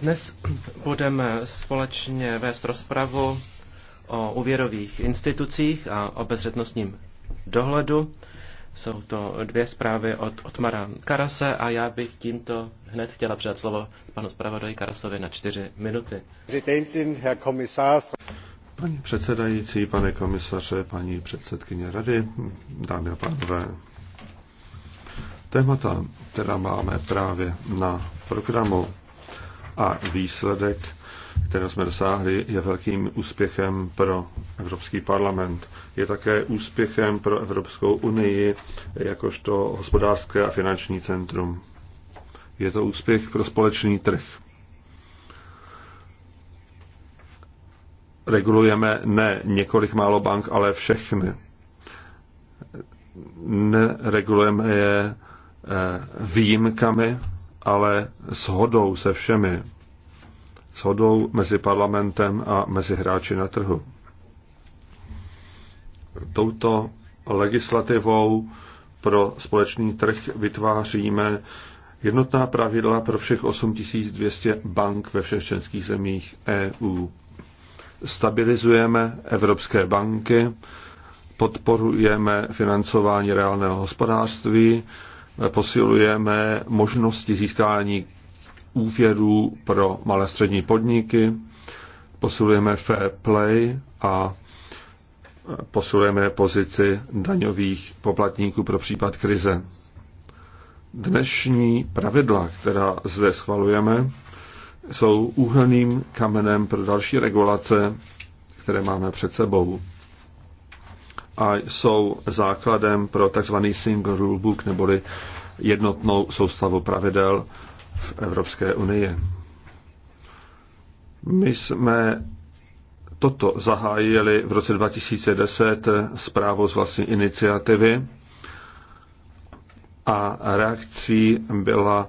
Dnes budeme společně vést rozpravu o úvěrových institucích a o bezřetnostním dohledu. Jsou to dvě zprávy od Otmara Karase a já bych tímto hned chtěla předat slovo panu zpravodaji Karasovi na čtyři minuty. Paní předsedající, pane komisaře, paní předsedkyně rady, dámy a pánové, témata, která máme právě na programu a výsledek, který jsme dosáhli, je velkým úspěchem pro Evropský parlament. Je také úspěchem pro Evropskou unii jakožto hospodářské a finanční centrum. Je to úspěch pro společný trh. regulujeme ne několik málo bank, ale všechny. Neregulujeme je eh, výjimkami, ale shodou se všemi. Shodou mezi parlamentem a mezi hráči na trhu. Touto legislativou pro společný trh vytváříme jednotná pravidla pro všech 8200 bank ve všech členských zemích EU stabilizujeme evropské banky, podporujeme financování reálného hospodářství, posilujeme možnosti získání úvěrů pro malé střední podniky, posilujeme fair play a posilujeme pozici daňových poplatníků pro případ krize. Dnešní pravidla, která zde schvalujeme, jsou úhelným kamenem pro další regulace, které máme před sebou. A jsou základem pro tzv. single rulebook, neboli jednotnou soustavu pravidel v Evropské unii. My jsme toto zahájili v roce 2010 zprávou z vlastní iniciativy a reakcí byla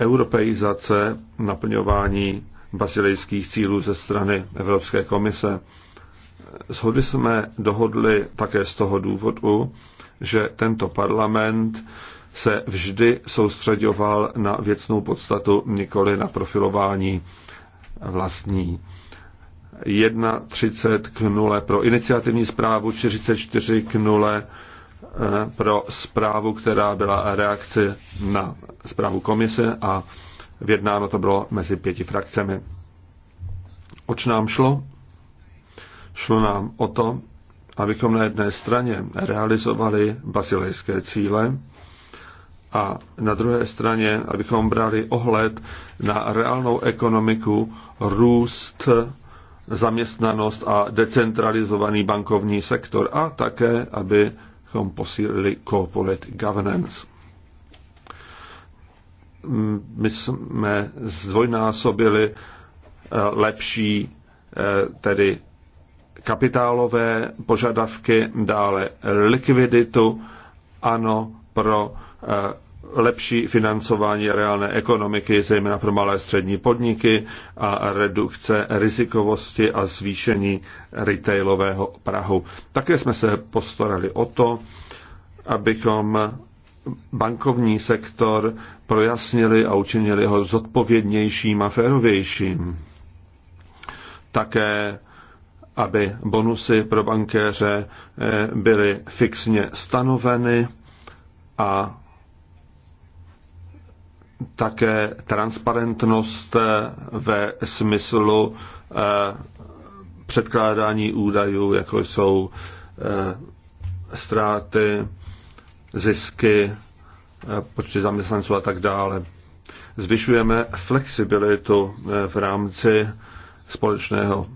europeizace naplňování basilejských cílů ze strany Evropské komise. Shody jsme dohodli také z toho důvodu, že tento parlament se vždy soustředoval na věcnou podstatu, nikoli na profilování vlastní. 1,30 k 0 pro iniciativní zprávu, 44 k 0 Eh, pro zprávu, která byla reakce na zprávu komise a vyjednáno to bylo mezi pěti frakcemi. Oč nám šlo? Šlo nám o to, abychom na jedné straně realizovali basilejské cíle a na druhé straně, abychom brali ohled na reálnou ekonomiku, růst, zaměstnanost a decentralizovaný bankovní sektor a také, aby abychom posílili corporate governance. My jsme zdvojnásobili eh, lepší eh, tedy kapitálové požadavky, dále likviditu, ano, pro eh, lepší financování reálné ekonomiky, zejména pro malé střední podniky a redukce rizikovosti a zvýšení retailového prahu. Také jsme se postarali o to, abychom bankovní sektor projasnili a učinili ho zodpovědnějším a férovějším. Také aby bonusy pro bankéře eh, byly fixně stanoveny a také transparentnost ve smyslu eh, předkládání údajů, jako jsou eh, ztráty, zisky, eh, počty zaměstnanců a tak dále. Zvyšujeme flexibilitu v rámci společného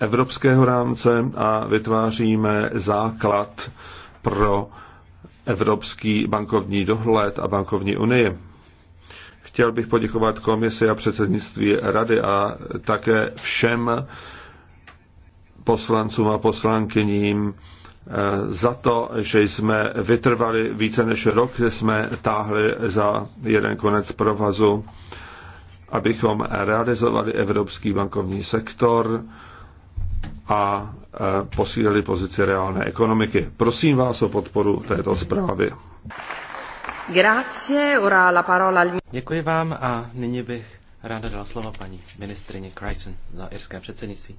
evropského rámce a vytváříme základ pro evropský bankovní dohled a bankovní unii. Chtěl bych poděkovat komisi a předsednictví rady a také všem poslancům a poslankyním eh, za to, že jsme vytrvali více než rok, že jsme táhli za jeden konec provazu, abychom realizovali evropský bankovní sektor a eh, posílili pozici reálné ekonomiky. Prosím vás o podporu této zprávy. Děkuji vám a nyní bych ráda dala slovo paní ministrině Crichton za irské předsednictví.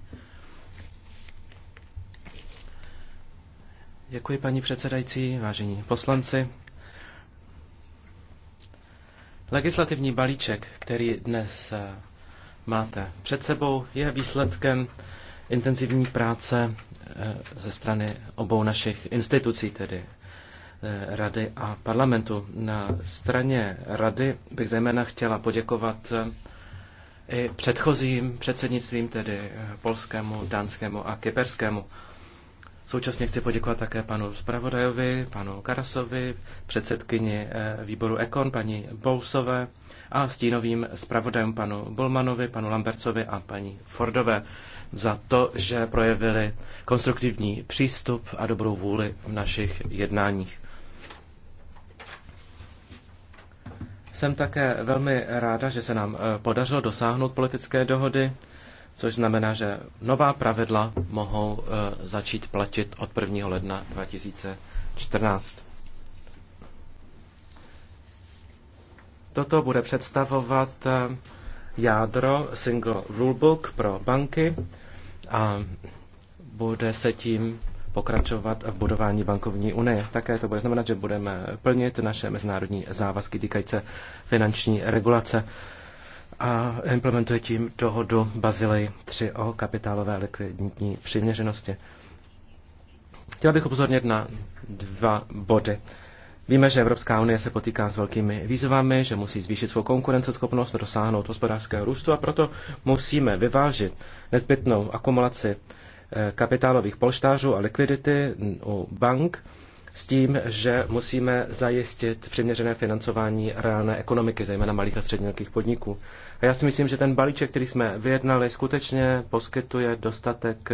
Děkuji, paní předsedající, vážení poslanci. Legislativní balíček, který dnes eh, máte před sebou, je výsledkem intenzivní práce eh, ze strany obou našich institucí, tedy Eh, Rady a parlamentu. Na straně Rady bych zejména chtěla poděkovat eh, i předchozím předsednictvím, tedy eh, polskému, dánskému a kyperskému. Současně chci poděkovat také panu zpravodajovi, panu Karasovi, předsedkyni výboru Ekon, paní Bousové a stínovým zpravodajům panu Bulmanovi, panu Lambercovi a paní Fordové za to, že projevili konstruktivní přístup a dobrou vůli v našich jednáních. Jsem také velmi ráda, že se nám eh, podařilo dosáhnout politické dohody, což znamená, že nová pravidla mohou eh, začít platit od 1. ledna 2014. Toto bude představovat eh, jádro Single Rulebook pro banky a bude se tím pokračovat v budování bankovní unie. Také to bude znamenat, že budeme plnit naše mezinárodní závazky týkající finanční regulace a implementuje tím dohodu Bazilej 3 o kapitálové likvidní přiměřenosti. Chtěla bych upozornit na dva body. Víme, že Evropská unie se potýká s velkými výzvami, že musí zvýšit svou konkurenceschopnost, dosáhnout hospodářského růstu a proto musíme vyvážit nezbytnou akumulaci kapitálových polštářů a likvidity u bank s tím, že musíme zajistit přiměřené financování reálné ekonomiky, zejména malých a středních podniků. A já si myslím, že ten balíček, který jsme vyjednali, skutečně poskytuje dostatek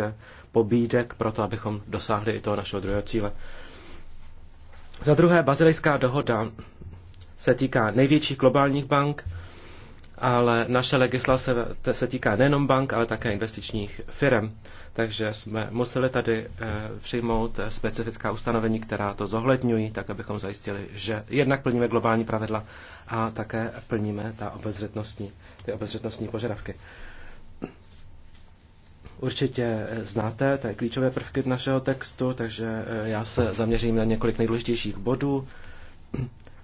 pobídek pro to, abychom dosáhli i toho našeho druhého cíle. Za druhé, bazilejská dohoda se týká největších globálních bank, ale naše legislace se týká nejenom bank, ale také investičních firm. Takže jsme museli tady eh, přijmout specifická ustanovení, která to zohledňují, tak abychom zajistili, že jednak plníme globální pravidla a také plníme ta obezřetnostní, ty obezřetnostní požadavky. Určitě znáte ty klíčové prvky našeho textu, takže eh, já se zaměřím na několik nejdůležitějších bodů.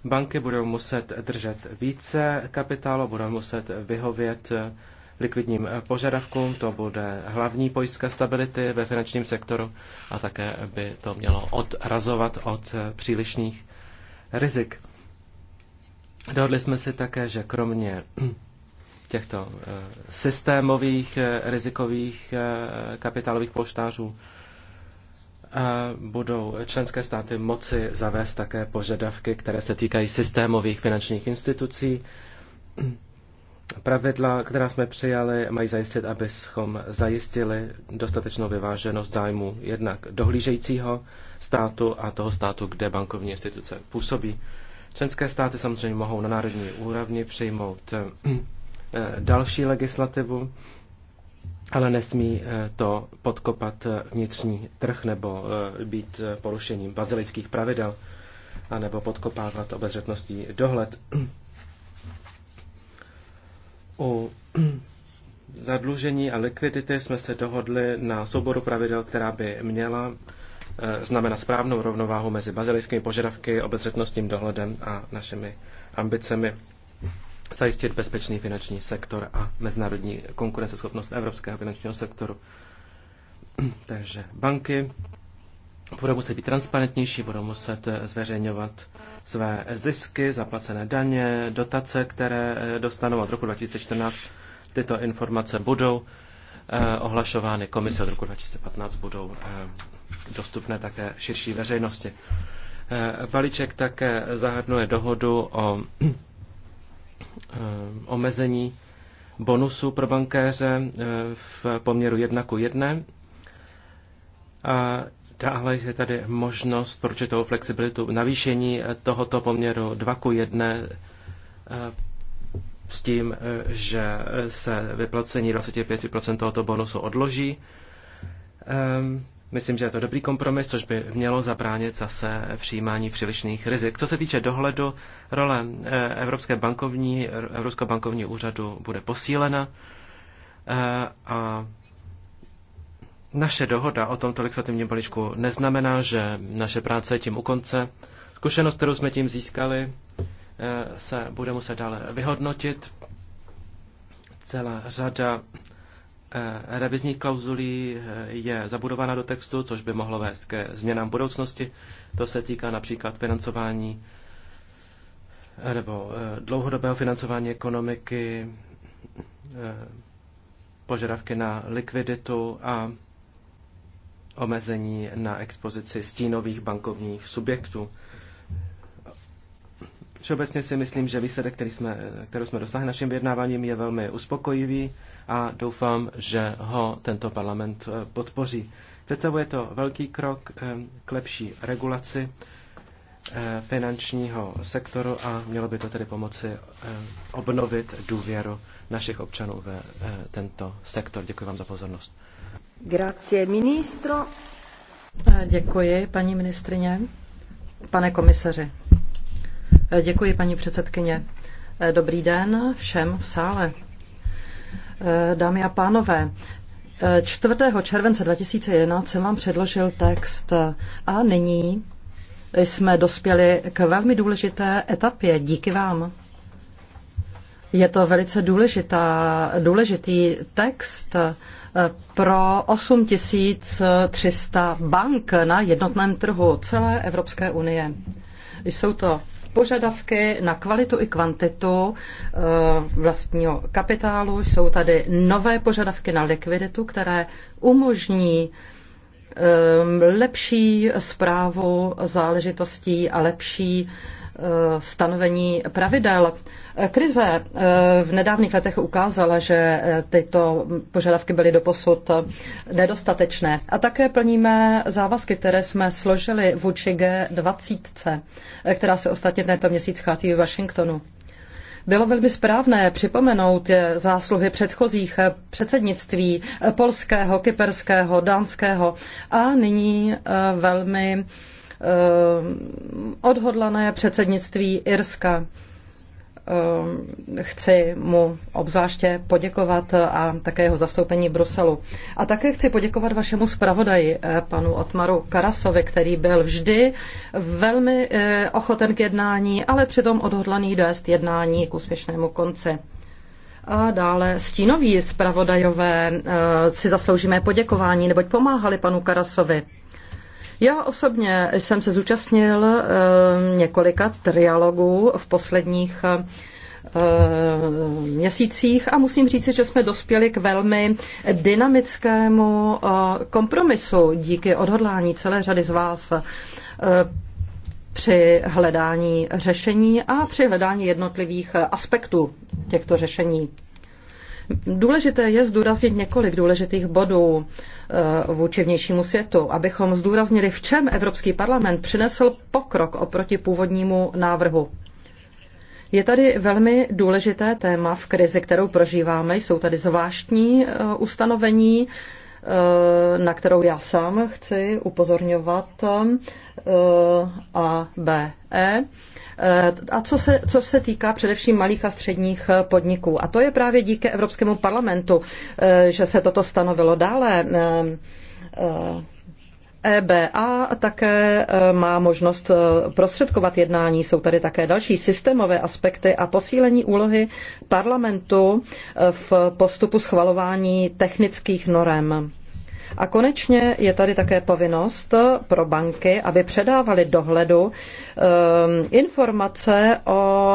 Banky budou muset držet více kapitálu, budou muset vyhovět eh, likvidním eh, požadavkům, to bude hlavní pojistka stability ve finančním sektoru a také by to mělo odrazovat od eh, přílišných rizik. Dohodli jsme si také, že kromě těchto eh, systémových rizikových kapitálových polštářů budou členské státy moci zavést také požadavky, které se týkají systémových finančních institucí Pravidla, která jsme přijali, mají zajistit, abychom zajistili dostatečnou vyváženost zájmu jednak dohlížejícího státu a toho státu, kde bankovní instituce působí. Členské státy samozřejmě mohou na národní úrovni přijmout eh, další legislativu, ale nesmí eh, to podkopat eh, vnitřní trh nebo být porušením bazilických pravidel, anebo podkopávat obezřetností dohled. U zadlužení a likvidity jsme se dohodli na souboru pravidel, která by měla eh, znamená správnou rovnováhu mezi bazilijskými požadavky, obezřetnostním dohledem a našimi ambicemi zajistit bezpečný finanční sektor a mezinárodní konkurenceschopnost evropského finančního sektoru. Takže banky budou muset být transparentnější, budou muset eh, zveřejňovat své zisky, zaplacené daně, dotace, které eh, dostanou od roku 2014. Tyto informace budou eh, ohlašovány komise od roku 2015, budou dostupné také širší veřejnosti. Balíček také zahrnuje dohodu o omezení bonusu pro bankéře v poměru 1 k 1. A Dále je tady možnost pro určitou flexibilitu navýšení tohoto poměru 2 ku 1 eh, s tím, eh, že se vyplacení 25% tohoto bonusu odloží. Ehm, myslím, že je to dobrý kompromis, což by mělo zabránit zase přijímání přílišných rizik. Co se týče dohledu, role eh, Evropské bankovní, Evropského bankovní úřadu bude posílena a naše dohoda o tomto legislativním balíčku neznamená, že naše práce je tím u konce. Zkušenost, kterou jsme tím získali, eh, se bude muset dále vyhodnotit. Celá řada eh, revizních klauzulí eh, je zabudována do textu, což by mohlo vést ke změnám budoucnosti. To se týká například financování nebo dlouhodobého financování ekonomiky, požadavky na likviditu a omezení na expozici stínových bankovních subjektů. Všeobecně si myslím, že výsledek, který jsme, kterou jsme dosáhli naším vyjednáváním, je velmi uspokojivý a doufám, že ho tento parlament eh, podpoří. Představuje to velký krok eh, k lepší regulaci eh, finančního sektoru a mělo by to tedy pomoci obnovit důvěru našich občanů ve tento sektor. Děkuji vám za pozornost. Děkuji, paní ministrině. Pane komisaři. Děkuji, paní předsedkyně. Dobrý den všem v sále. Dámy a pánové, 4. července 2011 jsem vám předložil text a nyní jsme dospěli k velmi důležité etapě díky vám. Je to velice důležitá, důležitý text eh, pro 8300 bank na jednotném trhu celé Evropské unie. Jsou to požadavky na kvalitu i kvantitu eh, vlastního kapitálu. Jsou tady nové požadavky na likviditu, které umožní eh, lepší zprávu záležitostí a lepší Eh, stanovení pravidel. Eh, krize eh, v nedávných letech ukázala, že tyto požadavky byly doposud nedostatečné. A také plníme závazky, které jsme složili vůči G20, která se ostatně tento měsíc schází v Washingtonu. Bylo velmi správné připomenout zásluhy předchozích předsednictví polského, kyperského, dánského a nyní velmi Eh, odhodlané předsednictví Irska. Eh, chci mu obzvláště poděkovat a také jeho zastoupení v Bruselu. A také chci poděkovat vašemu zpravodaji, eh, panu Otmaru Karasovi, který byl vždy velmi ochoten k jednání, ale přitom odhodlaný dojezd jednání k úspěšnému konci. A dále stínoví zpravodajové si zasloužíme poděkování, neboť pomáhali panu Karasovi já osobně jsem se zúčastnil eh, několika trialogů v posledních eh, měsících a musím říci, že jsme dospěli k velmi dynamickému eh, kompromisu díky odhodlání celé řady z vás při hledání řešení a při hledání jednotlivých aspektů těchto řešení. Důležité je zdůraznit několik důležitých bodů eh, vůči vnějšímu světu, abychom zdůraznili, v čem Evropský parlament přinesl pokrok oproti původnímu návrhu. Je tady velmi důležité téma v krizi, kterou prožíváme. Jsou tady zvláštní eh, ustanovení, eh, na kterou já sám chci upozorňovat a B, E Eh, a co se, co se týká především malých a středních eh, podniků. A to je právě díky Evropskému parlamentu, eh, že se toto stanovilo dále. EBA e také má možnost prostředkovat jednání. Jsou tady také další systémové aspekty a posílení úlohy parlamentu v postupu schvalování technických norem. A konečně je tady také povinnost pro banky, aby předávali dohledu ehm, informace o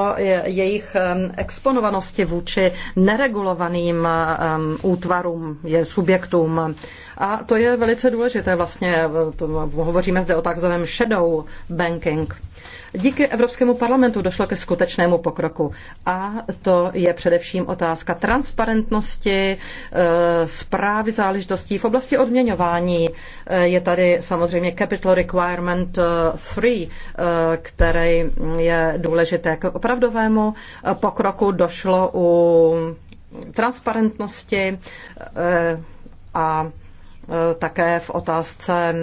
jejich ehm, exponovanosti vůči neregulovaným ehm, útvarům, subjektům. A to je velice důležité vlastně, hovoříme zde o takzvaném shadow banking. Díky Evropskému parlamentu došlo ke skutečnému pokroku. A to je především otázka transparentnosti, zprávy eh, záležitostí v oblasti odměňování. Eh, je tady samozřejmě Capital Requirement 3, eh, eh, který je důležité k opravdovému pokroku. Došlo u transparentnosti a také v otázce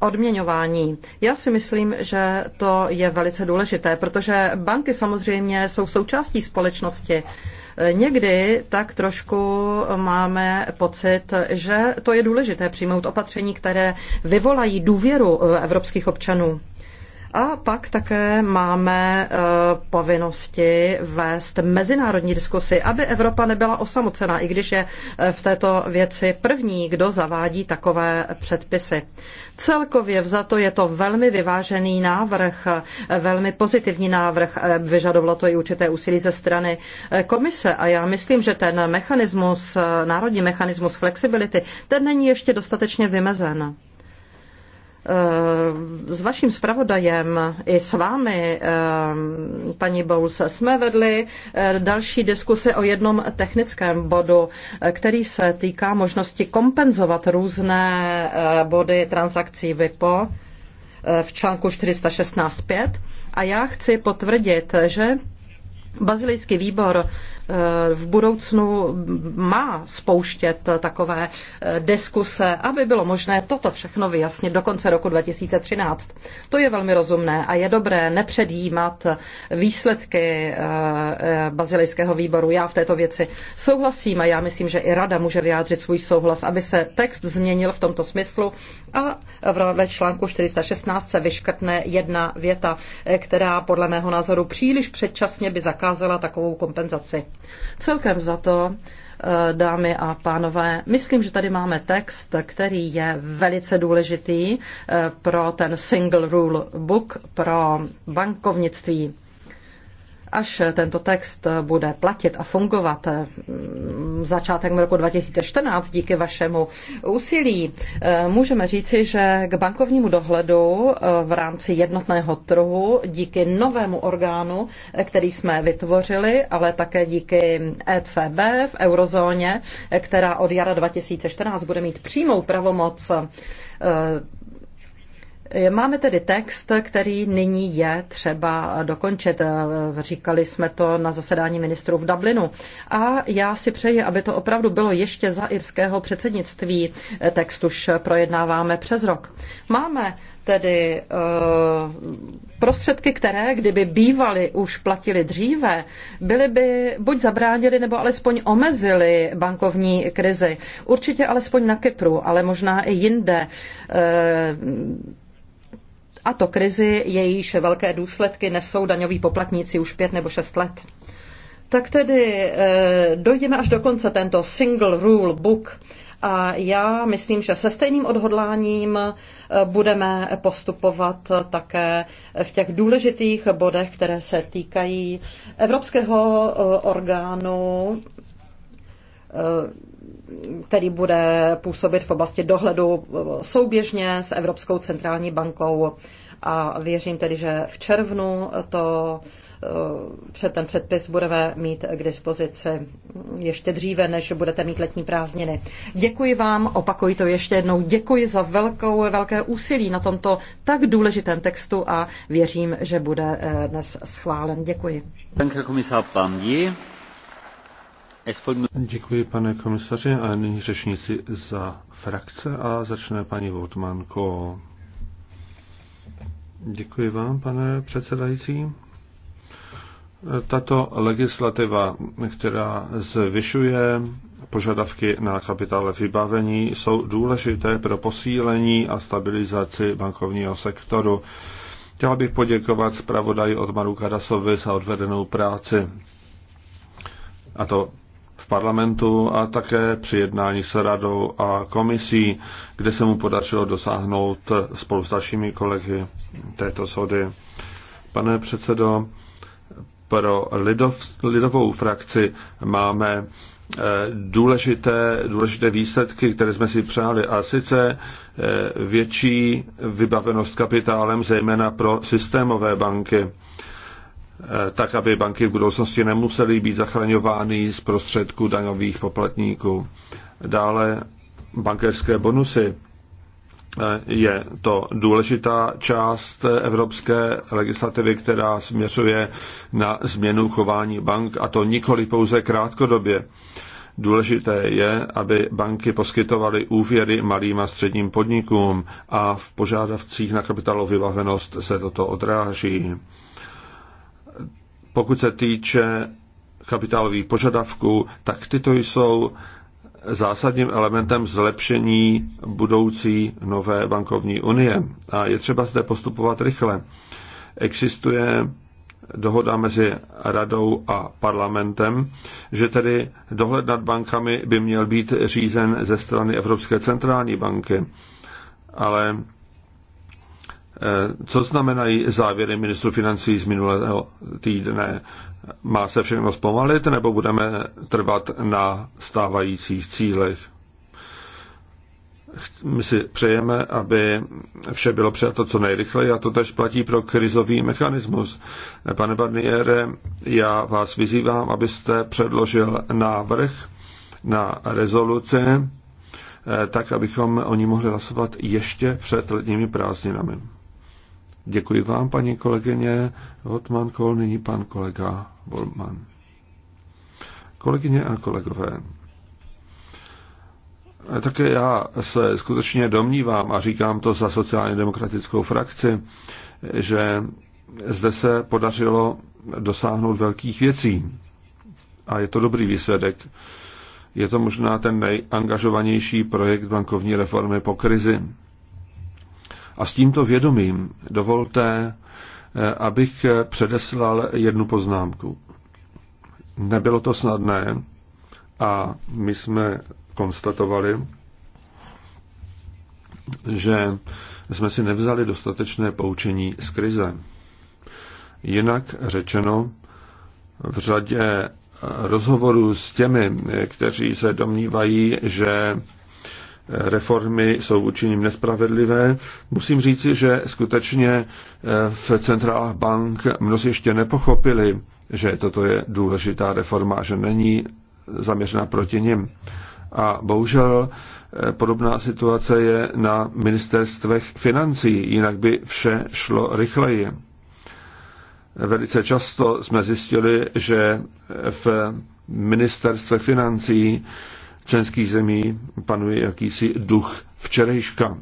odměňování. Já si myslím, že to je velice důležité, protože banky samozřejmě jsou součástí společnosti. Někdy tak trošku máme pocit, že to je důležité přijmout opatření, které vyvolají důvěru eh, evropských občanů. A pak také máme eh, povinnosti vést mezinárodní diskusy, aby Evropa nebyla osamocená, i když je eh, v této věci první, kdo zavádí takové předpisy. Celkově vzato je to velmi vyvážený návrh, eh, velmi pozitivní návrh. Vyžadovalo to i určité úsilí ze strany komise a já myslím, že ten mechanismus, národní mechanismus flexibility, ten není ještě dostatečně vymezen. Eh, s vaším zpravodajem i s vámi, eh, paní Bouls, jsme vedli eh, další diskuse o jednom technickém bodu, který se týká možnosti kompenzovat různé body transakcí VIPO v článku 416.5. A já chci potvrdit, že Bazilijský výbor Eh, v budoucnu má spouštět takové eh, diskuse, aby bylo možné toto všechno vyjasnit do konce roku 2013. To je velmi rozumné a je dobré nepředjímat výsledky eh, bazilejského výboru. Já v této věci souhlasím a já myslím, že i rada může vyjádřit svůj souhlas, aby se text změnil v tomto smyslu a ve článku 416 se vyškrtne jedna věta, která podle mého názoru příliš předčasně by zakázala takovou kompenzaci. Celkem za to, eh, dámy a pánové, myslím, že tady máme text, který je velice důležitý eh, pro ten single rule book pro bankovnictví. Až tento text bude platit a fungovat začátkem roku 2014 díky vašemu úsilí, můžeme říci, že k bankovnímu dohledu v rámci jednotného trhu díky novému orgánu, který jsme vytvořili, ale také díky ECB v eurozóně, která od jara 2014 bude mít přímou pravomoc Máme tedy text, který nyní je třeba dokončit. Eh, říkali jsme to na zasedání ministrů v Dublinu. A já si přeji, aby to opravdu bylo ještě za irského předsednictví. Eh, text už projednáváme přes rok. Máme tedy eh, prostředky, které, kdyby bývaly už platili dříve, byly by buď zabránili nebo alespoň omezili bankovní krizi. Určitě alespoň na Kypru, ale možná i jinde a to krizi, jejíž velké důsledky nesou daňoví poplatníci už pět nebo šest let. Tak tedy eh, dojdeme až do konce tento single rule book a já myslím, že se stejným odhodláním eh, budeme postupovat také v těch důležitých bodech, které se týkají Evropského eh, orgánu který bude působit v oblasti dohledu souběžně s Evropskou centrální bankou. A věřím tedy, že v červnu to eh, před ten předpis budeme mít k dispozici ještě dříve, než budete mít letní prázdniny. Děkuji vám, opakuji to ještě jednou, děkuji za velkou, velké úsilí na tomto tak důležitém textu a věřím, že bude eh, dnes schválen. Děkuji. Děkuji, Děkuji, pane komisaři, a nyní řečníci za frakce a začne paní Votmanko. Děkuji vám, pane předsedající. Tato legislativa, která zvyšuje požadavky na kapitále vybavení, jsou důležité pro posílení a stabilizaci bankovního sektoru. Chtěla bych poděkovat zpravodaji Odmaru Karasovi za odvedenou práci. A to v parlamentu a také při jednání s radou a komisí, kde se mu podařilo dosáhnout spolu s dalšími kolegy této sody. Pane předsedo, pro lidov, lidovou frakci máme eh, důležité, důležité výsledky, které jsme si přáli, a sice eh, větší vybavenost kapitálem, zejména pro systémové banky. Eh, tak aby banky v budoucnosti nemusely být zachraňovány z prostředků daňových poplatníků. Dále bankerské bonusy. Eh, je to důležitá část evropské legislativy, která směřuje na změnu chování bank, a to nikoli pouze krátkodobě. Důležité je, aby banky poskytovaly úvěry malým a středním podnikům a v požádavcích na kapitálovou vybavenost se toto odráží. Pokud se týče kapitálových požadavků, tak tyto jsou zásadním elementem zlepšení budoucí nové bankovní unie. A je třeba zde postupovat rychle. Existuje dohoda mezi radou a parlamentem, že tedy dohled nad bankami by měl být řízen ze strany Evropské centrální banky. Ale Eh, co znamenají závěry ministru financí z minulého týdne? Má se všechno zpomalit nebo budeme trvat na stávajících cílech? My si přejeme, aby vše bylo přijato co nejrychleji a to tež platí pro krizový mechanismus. Eh, pane Barniere, já vás vyzývám, abyste předložil návrh na rezoluce, eh, tak abychom o ní mohli hlasovat ještě před letními prázdninami. Děkuji vám, paní kolegyně Hotman Kol, nyní pan kolega Volman. Kolegyně a kolegové, také já se skutečně domnívám a říkám to za sociálně demokratickou frakci, že zde se podařilo dosáhnout velkých věcí. A je to dobrý výsledek. Je to možná ten nejangažovanější projekt bankovní reformy po krizi. A s tímto vědomím dovolte, eh, abych předeslal jednu poznámku. Nebylo to snadné a my jsme konstatovali, že jsme si nevzali dostatečné poučení z krize. Jinak řečeno, v řadě rozhovorů s těmi, kteří se domnívají, že reformy jsou učiním nespravedlivé. Musím říci, že skutečně eh, v centrálách bank mnozí ještě nepochopili, že toto je důležitá reforma, že není zaměřena proti nim. A bohužel eh, podobná situace je na ministerstvech financí, jinak by vše šlo rychleji. Velice často jsme zjistili, že v ministerstvech financí členských zemí panuje jakýsi duch včerejška.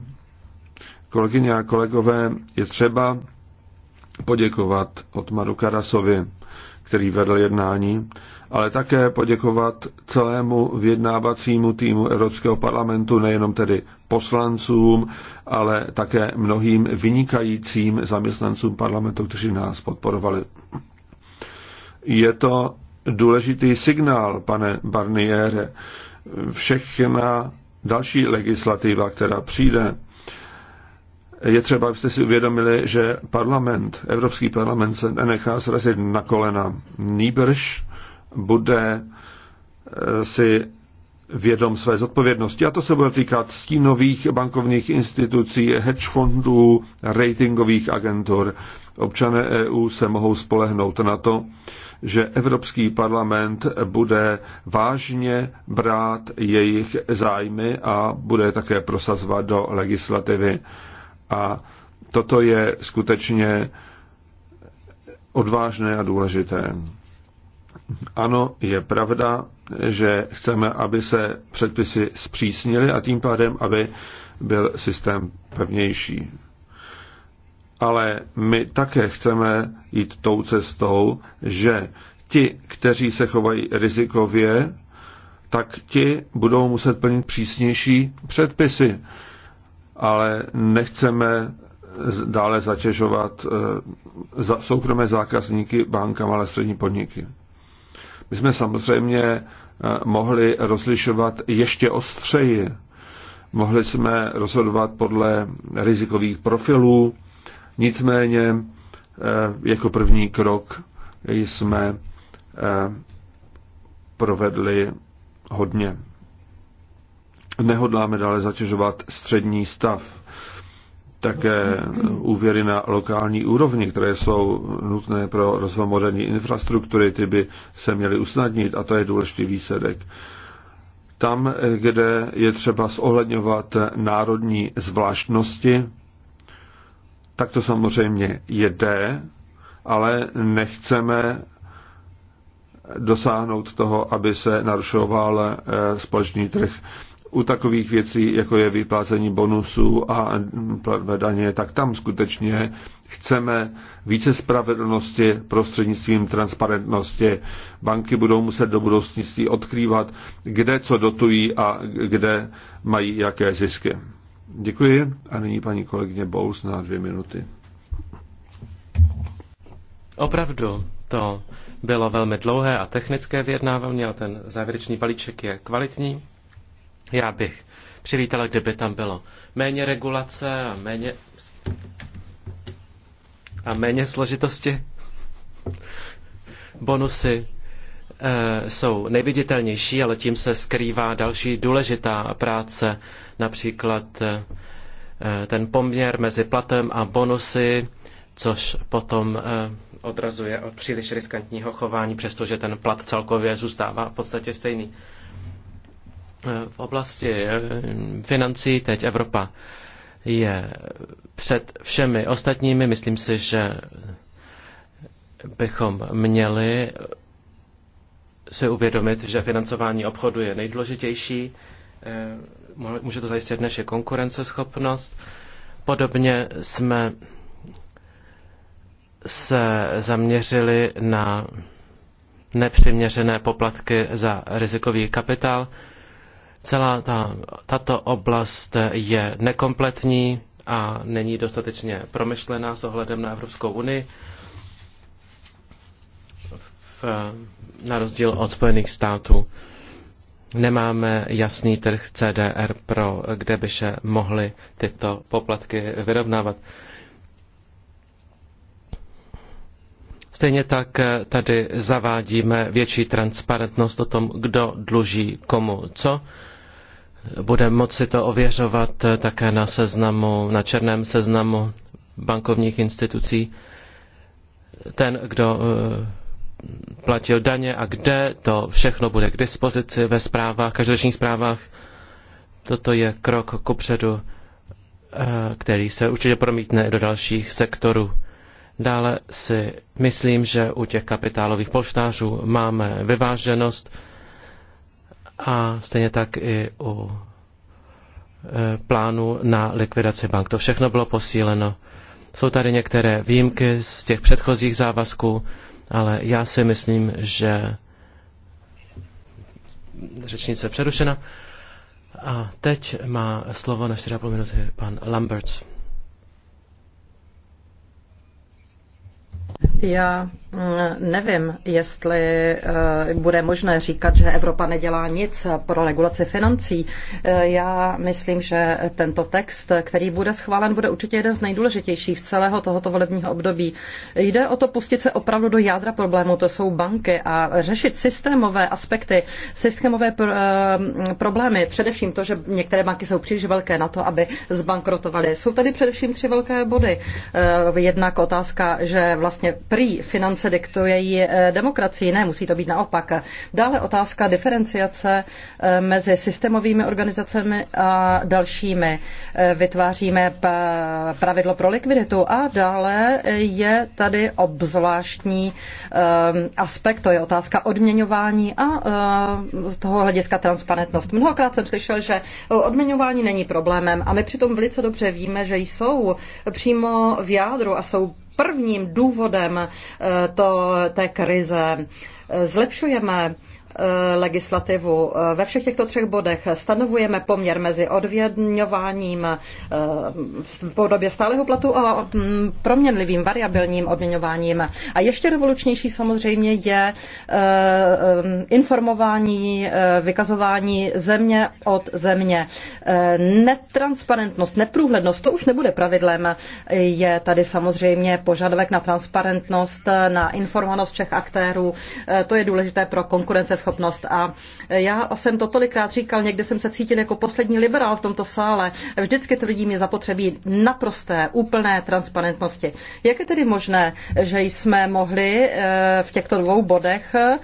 Kolegyně a kolegové, je třeba poděkovat Otmaru Karasovi, který vedl jednání, ale také poděkovat celému vyjednávacímu týmu Evropského parlamentu, nejenom tedy poslancům, ale také mnohým vynikajícím zaměstnancům parlamentu, kteří nás podporovali. Je to důležitý signál, pane Barniere, všechna další legislativa, která přijde. Je třeba, abyste si uvědomili, že parlament, Evropský parlament se nenechá srazit na kolena. Nýbrž bude eh, si vědom své zodpovědnosti. A to se bude týkat stínových bankovních institucí, hedge fondů, ratingových agentur. Občané EU se mohou spolehnout na to, že Evropský parlament bude vážně brát jejich zájmy a bude také prosazovat do legislativy. A toto je skutečně odvážné a důležité. Ano, je pravda, že chceme, aby se předpisy zpřísnily a tím pádem, aby byl systém pevnější. Ale my také chceme jít tou cestou, že ti, kteří se chovají rizikově, tak ti budou muset plnit přísnější předpisy. Ale nechceme dále zatěžovat eh, soukromé zákazníky bankám, ale střední podniky. My jsme samozřejmě eh, mohli rozlišovat ještě ostřeji. Mohli jsme rozhodovat podle rizikových profilů, nicméně eh, jako první krok jsme eh, provedli hodně. Nehodláme dále zatěžovat střední stav také úvěry na lokální úrovni, které jsou nutné pro rozvomoření infrastruktury, ty by se měly usnadnit a to je důležitý výsledek. Tam, kde je třeba zohledňovat národní zvláštnosti, tak to samozřejmě jede, ale nechceme dosáhnout toho, aby se narušoval eh, společný trh u takových věcí, jako je vyplácení bonusů a daně, tak tam skutečně chceme více spravedlnosti prostřednictvím transparentnosti. Banky budou muset do budoucnosti odkrývat, kde co dotují a kde mají jaké zisky. Děkuji a nyní paní kolegyně Bous na dvě minuty. Opravdu to bylo velmi dlouhé a technické vyjednávání, ale ten závěrečný balíček je kvalitní já bych přivítala, kdyby tam bylo méně regulace a méně a méně složitosti. Bonusy e, jsou nejviditelnější, ale tím se skrývá další důležitá práce, například e, ten poměr mezi platem a bonusy, což potom e, odrazuje od příliš riskantního chování, přestože ten plat celkově zůstává v podstatě stejný. E, v oblasti eh, financí teď Evropa je před všemi ostatními. Myslím si, že bychom měli si uvědomit, že financování obchodu je nejdůležitější. Eh, může to zajistit naše konkurenceschopnost. Podobně jsme se zaměřili na nepřiměřené poplatky za rizikový kapitál. Celá ta, tato oblast je nekompletní a není dostatečně promyšlená s ohledem na Evropskou unii. V, na rozdíl od Spojených států nemáme jasný trh CDR, pro kde by se mohly tyto poplatky vyrovnávat. Stejně tak tady zavádíme větší transparentnost o tom, kdo dluží komu co bude moci to ověřovat také na seznamu, na černém seznamu bankovních institucí. Ten, kdo eh, platil daně a kde to všechno bude k dispozici ve zprávách, každoročních zprávách. Toto je krok kupředu, eh, který se určitě promítne do dalších sektorů. Dále si myslím, že u těch kapitálových polštářů máme vyváženost a stejně tak i u e, plánu na likvidaci bank. To všechno bylo posíleno. Jsou tady některé výjimky z těch předchozích závazků, ale já si myslím, že řečnice přerušena. A teď má slovo na 4,5 minuty pan Lamberts. Já Mm, nevím, jestli eh, bude možné říkat, že Evropa nedělá nic pro regulaci financí. Eh, já myslím, že tento text, který bude schválen, bude určitě jeden z nejdůležitějších z celého tohoto volebního období. Jde o to pustit se opravdu do jádra problému, to jsou banky a řešit systémové aspekty, systémové eh, problémy, především to, že některé banky jsou příliš velké na to, aby zbankrotovaly. Jsou tady především tři velké body. Jednak otázka, že vlastně prý financí tolerance diktuje eh, ji demokracii, ne, musí to být naopak. Dále otázka diferenciace eh, mezi systémovými organizacemi a dalšími. Eh, vytváříme pravidlo pro likviditu a dále je tady obzvláštní aspekt, to je otázka odměňování a z toho hlediska transparentnost. Mnohokrát jsem slyšel, že odměňování není problémem a my přitom velice dobře víme, že jsou přímo v jádru a jsou prvním důvodem eh, to, té krize. Eh, zlepšujeme Eh, legislativu. Eh, ve všech těchto třech bodech stanovujeme poměr mezi odvědňováním eh, v podobě stálého platu a mm, proměnlivým variabilním odměňováním. A ještě revolučnější samozřejmě je informování, vykazování země od země. Netransparentnost, neprůhlednost, to už nebude pravidlem. Je tady samozřejmě požadavek na transparentnost, na informovanost všech aktérů. To je důležité pro konkurenceschopnost schopnost. A já jsem to tolikrát říkal, někdy jsem se cítil jako poslední liberál v tomto sále. Vždycky tvrdím, je zapotřebí naprosté, úplné transparentnosti. Jak je tedy možné, že jsme mohli eh, v těchto dvou bodech eh,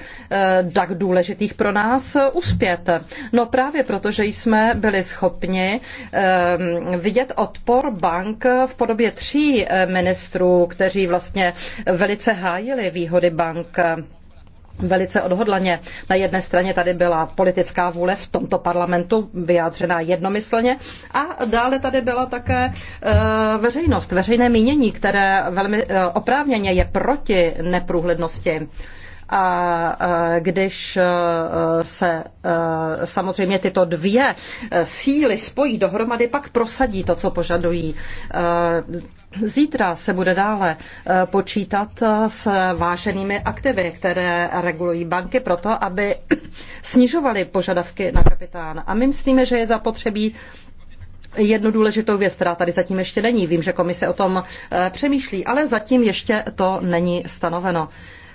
tak důležitých pro nás uspět? No právě proto, že jsme byli schopni eh, vidět odpor bank v podobě tří ministrů, kteří vlastně velice hájili výhody bank velice odhodlaně. Na jedné straně tady byla politická vůle v tomto parlamentu vyjádřená jednomyslně a dále tady byla také eh, veřejnost, veřejné mínění, které velmi eh, oprávněně je proti neprůhlednosti. A e, když e, se e, samozřejmě tyto dvě síly spojí dohromady, pak prosadí to, co požadují. Zítra se bude dále počítat s váženými aktivy, které regulují banky proto, aby snižovaly požadavky na kapitán. A my myslíme, že je zapotřebí jednu důležitou věc, která tady zatím ještě není. Vím, že komise o tom přemýšlí, ale zatím ještě to není stanoveno.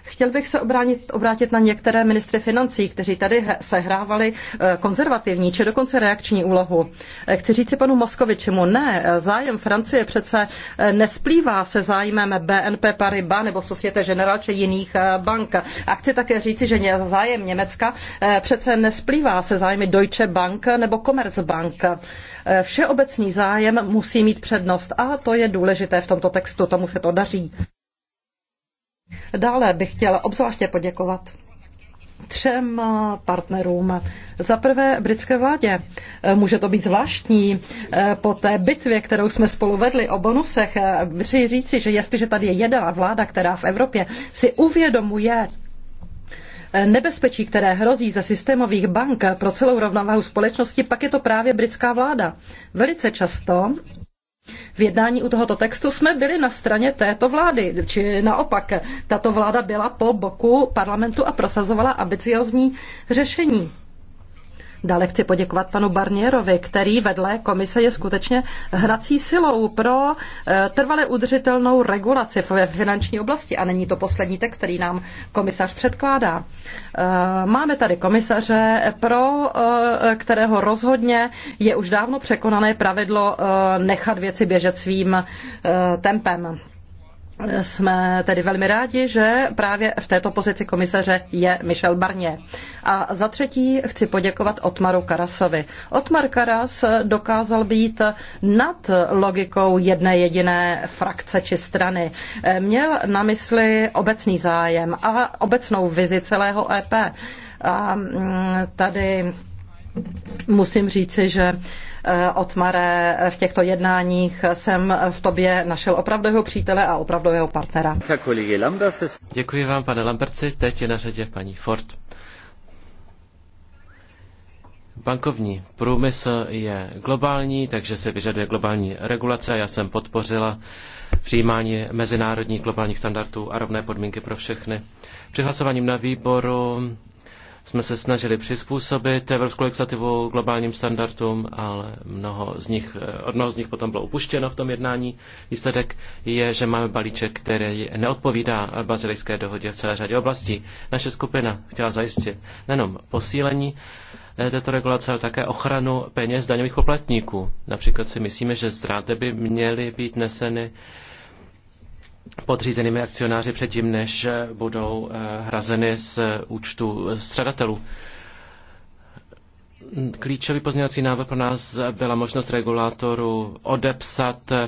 Chtěl bych se obránit, obrátit na některé ministry financí, kteří tady sehrávali eh, konzervativní či dokonce reakční úlohu. Eh, chci říci panu Moskovičimu, ne, eh, zájem Francie přece nesplývá se zájmem BNP Paribas nebo Societe Generale či jiných bank. A chci také říci, že zájem Německa přece nesplývá se zájmy Deutsche Bank nebo Commerzbank. Všeobecný zájem musí mít přednost a to je důležité v tomto textu, tomu se to daří. Dále bych chtěla obzvláště poděkovat třem eh, partnerům. Za prvé britské vládě. Eh, může to být zvláštní eh, po té bitvě, kterou jsme spolu vedli o bonusech. Chci říci, že jestliže tady je jedna vláda, která v Evropě si uvědomuje nebezpečí, které hrozí ze systémových bank pro celou rovnováhu společnosti, pak je to právě britská vláda. Velice často v jednání u tohoto textu jsme byli na straně této vlády, či naopak, tato vláda byla po boku parlamentu a prosazovala ambiciozní řešení. Dále chci poděkovat panu Barnierovi, který vedle komise je skutečně hrací silou pro eh, trvale udržitelnou regulaci ve finanční oblasti. A není to poslední text, který nám komisař předkládá. Eh, máme tady komisaře, pro eh, kterého rozhodně je už dávno překonané pravidlo nechat věci běžet svým tempem jsme tedy velmi rádi, že právě v této pozici komisaře je Michel Barnier. A za třetí chci poděkovat Otmaru Karasovi. Otmar Karas dokázal být nad logikou jedné jediné frakce či strany. Měl na mysli obecný zájem a obecnou vizi celého EP. A mm, tady Musím říci, že eh, Otmare, v těchto jednáních jsem v tobě našel opravdového přítele a opravdového partnera. Děkuji vám, pane Lamberci. Teď je na řadě paní Ford. Bankovní průmysl je globální, takže se vyžaduje globální regulace. Já jsem podpořila přijímání mezinárodních globálních standardů a rovné podmínky pro všechny. Při hlasování na výboru jsme se snažili přizpůsobit evropskou legislativu globálním standardům, ale mnoho z nich, od eh, mnoho z nich potom bylo upuštěno v tom jednání. Výsledek je, že máme balíček, který neodpovídá bazilické dohodě v celé řadě oblastí. Naše skupina chtěla zajistit nejenom posílení eh, této regulace, ale také ochranu peněz daňových poplatníků. Například si myslíme, že ztráty by měly být neseny podřízenými akcionáři předtím, než budou eh, hrazeny z účtu středatelů. Klíčový pozměňovací návrh pro nás byla možnost regulátoru odepsat eh,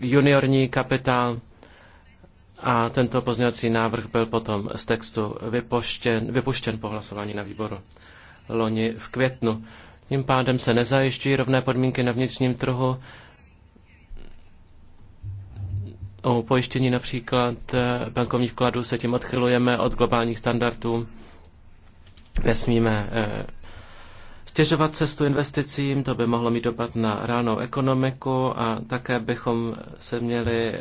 juniorní kapitál a tento pozměňovací návrh byl potom z textu vypuštěn, vypuštěn po hlasování na výboru loni v květnu. Tím pádem se nezajišťují rovné podmínky na vnitřním trhu u pojištění například eh, bankovních vkladů se tím odchylujeme od globálních standardů. Nesmíme eh, stěžovat cestu investicím, to by mohlo mít dopad na reálnou ekonomiku a také bychom se měli eh,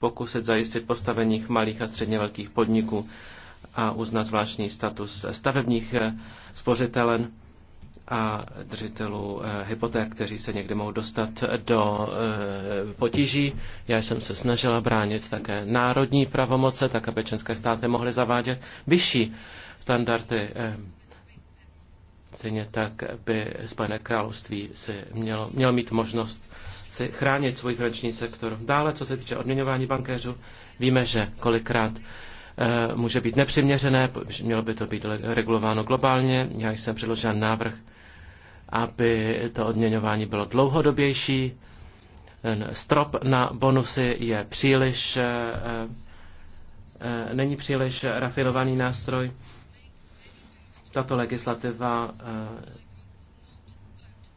pokusit zajistit postavení malých a středně velkých podniků a uznat zvláštní status stavebních spořitelen a držitelů eh, hypoték, kteří se někdy mohou dostat do eh, potíží. Já jsem se snažila bránit také národní pravomoce, tak aby české státy mohly zavádět vyšší standardy. Eh, stejně tak by Spojené království si mělo, mělo mít možnost si chránit svůj finanční sektor. Dále, co se týče odměňování bankéřů, víme, že kolikrát může být nepřiměřené, mělo by to být regulováno globálně. Já jsem předložil návrh aby to odměňování bylo dlouhodobější. Ten strop na bonusy je příliš, eh, eh, není příliš rafinovaný nástroj. Tato legislativa eh,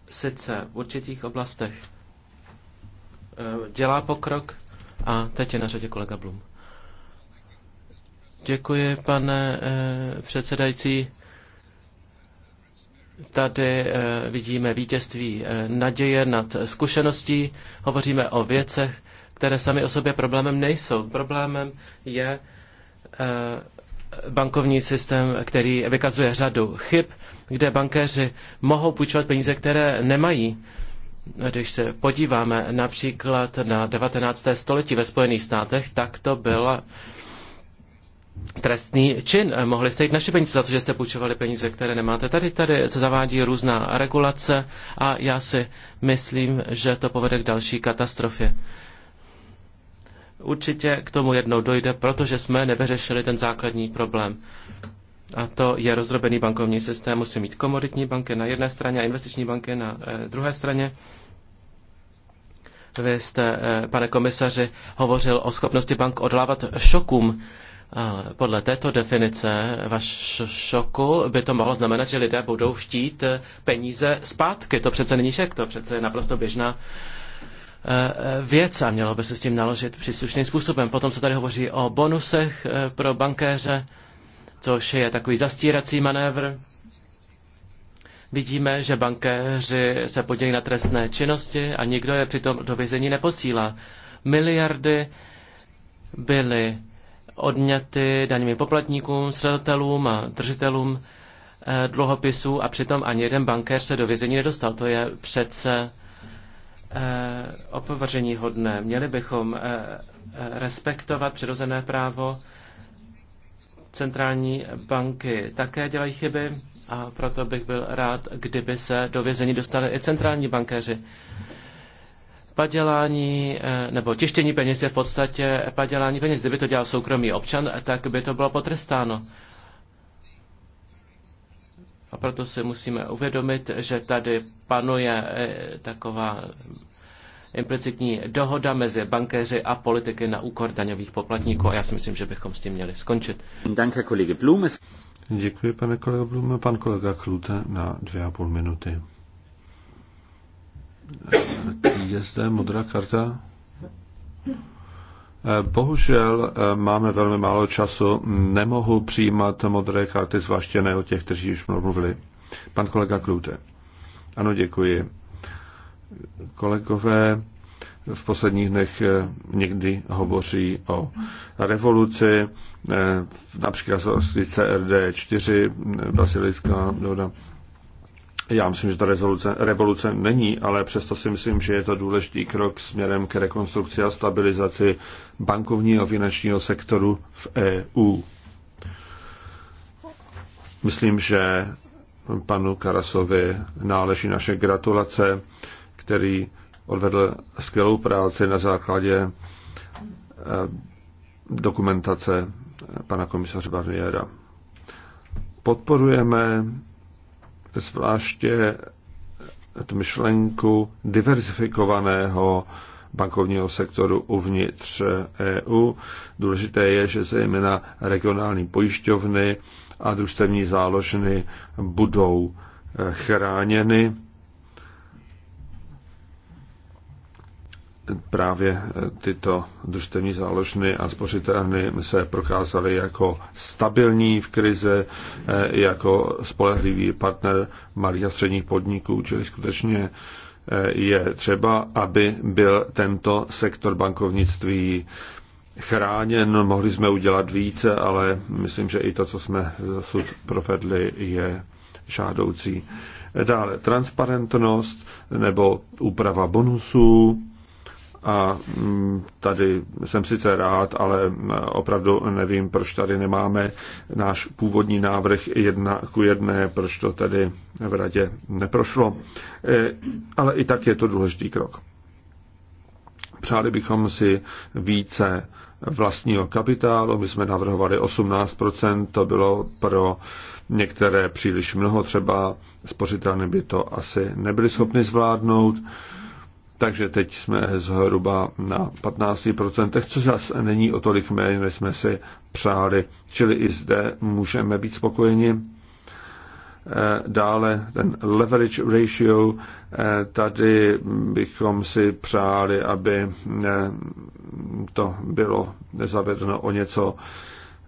sice v určitých oblastech dělá pokrok a teď je na řadě kolega Blum. Děkuji, pane předsedající. Tady eh, vidíme vítězství eh, naděje nad zkušeností, hovoříme o věcech, které sami o sobě problémem nejsou. Problémem je eh, bankovní systém, který vykazuje řadu chyb, kde bankéři mohou půjčovat peníze, které nemají. Když se podíváme například na 19. století ve Spojených státech, tak to byla trestný čin. Mohli jste jít naše peníze za to, že jste půjčovali peníze, které nemáte. Tady, tady se zavádí různá regulace a já si myslím, že to povede k další katastrofě. Určitě k tomu jednou dojde, protože jsme nevyřešili ten základní problém. A to je rozdrobený bankovní systém. Musí mít komoditní banky na jedné straně a investiční banky na eh, druhé straně. Vy jste, eh, pane komisaři, hovořil o schopnosti bank odlávat šokům. Eh, ale podle této definice vaš šoku by to mohlo znamenat, že lidé budou chtít eh, peníze zpátky. To přece není šek, to přece je naprosto běžná eh, eh, věc a mělo by se s tím naložit příslušným způsobem. Potom se tady hovoří o bonusech pro bankéře, což je takový zastírací manévr. Vidíme, že bankéři se podělí na trestné činnosti a nikdo je přitom do vězení neposílá. Miliardy byly odňaty daňovým poplatníkům, sledatelům a držitelům eh, dluhopisů a přitom ani jeden bankéř se do vězení nedostal. To je přece eh, opovaření hodné. Měli bychom eh, respektovat přirozené právo. Centrální banky také dělají chyby a proto bych byl rád, kdyby se do vězení dostali i centrální bankéři padělání eh, nebo tištění peněz je v podstatě padělání peněz. Kdyby to dělal soukromý občan, tak by to bylo potrestáno. A proto si musíme uvědomit, že tady panuje eh, taková implicitní dohoda mezi bankéři a politiky na úkor daňových poplatníků a já si myslím, že bychom s tím měli skončit. Danke, kolege Blume. Děkuji, pane kolego Blume. Pan kolega Klute na dvě a půl minuty. Je zde modrá karta? Eh, bohužel eh, máme velmi málo času. Nemohu přijímat modré karty, zvláště ne od těch, kteří už mluvili. Pan kolega Klute. Ano, děkuji. Kolegové v posledních dnech eh, někdy hovoří o revoluci, například z CRD4, Basilická doda. No, já myslím, že ta rezoluce, revoluce není, ale přesto si myslím, že je to důležitý krok směrem k rekonstrukci a stabilizaci bankovního a finančního sektoru v EU. Myslím, že panu Karasovi náleží naše gratulace, který odvedl skvělou práci na základě eh, dokumentace pana komisaře Barniera. Podporujeme zvláště tu myšlenku diverzifikovaného bankovního sektoru uvnitř EU. Důležité je, že zejména regionální pojišťovny a družstevní záložny budou eh, chráněny právě eh, tyto družstevní záložny a spořitelny se prokázaly jako stabilní v krize, eh, jako spolehlivý partner malých a středních podniků, čili skutečně eh, je třeba, aby byl tento sektor bankovnictví chráněn. Mohli jsme udělat více, ale myslím, že i to, co jsme zasud provedli, je žádoucí. Dále transparentnost nebo úprava bonusů, a mm, tady jsem sice rád, ale mm, opravdu nevím, proč tady nemáme náš původní návrh jedna ku jedné, proč to tedy v radě neprošlo. E, ale i tak je to důležitý krok. Přáli bychom si více vlastního kapitálu. My jsme navrhovali 18%, to bylo pro některé příliš mnoho, třeba spořitelny by to asi nebyly schopny zvládnout. Takže teď jsme zhruba na 15%, což zase není o tolik méně, než jsme si přáli. Čili i zde můžeme být spokojeni. Eh, dále ten leverage ratio, eh, tady bychom si přáli, aby eh, to bylo zavedeno o něco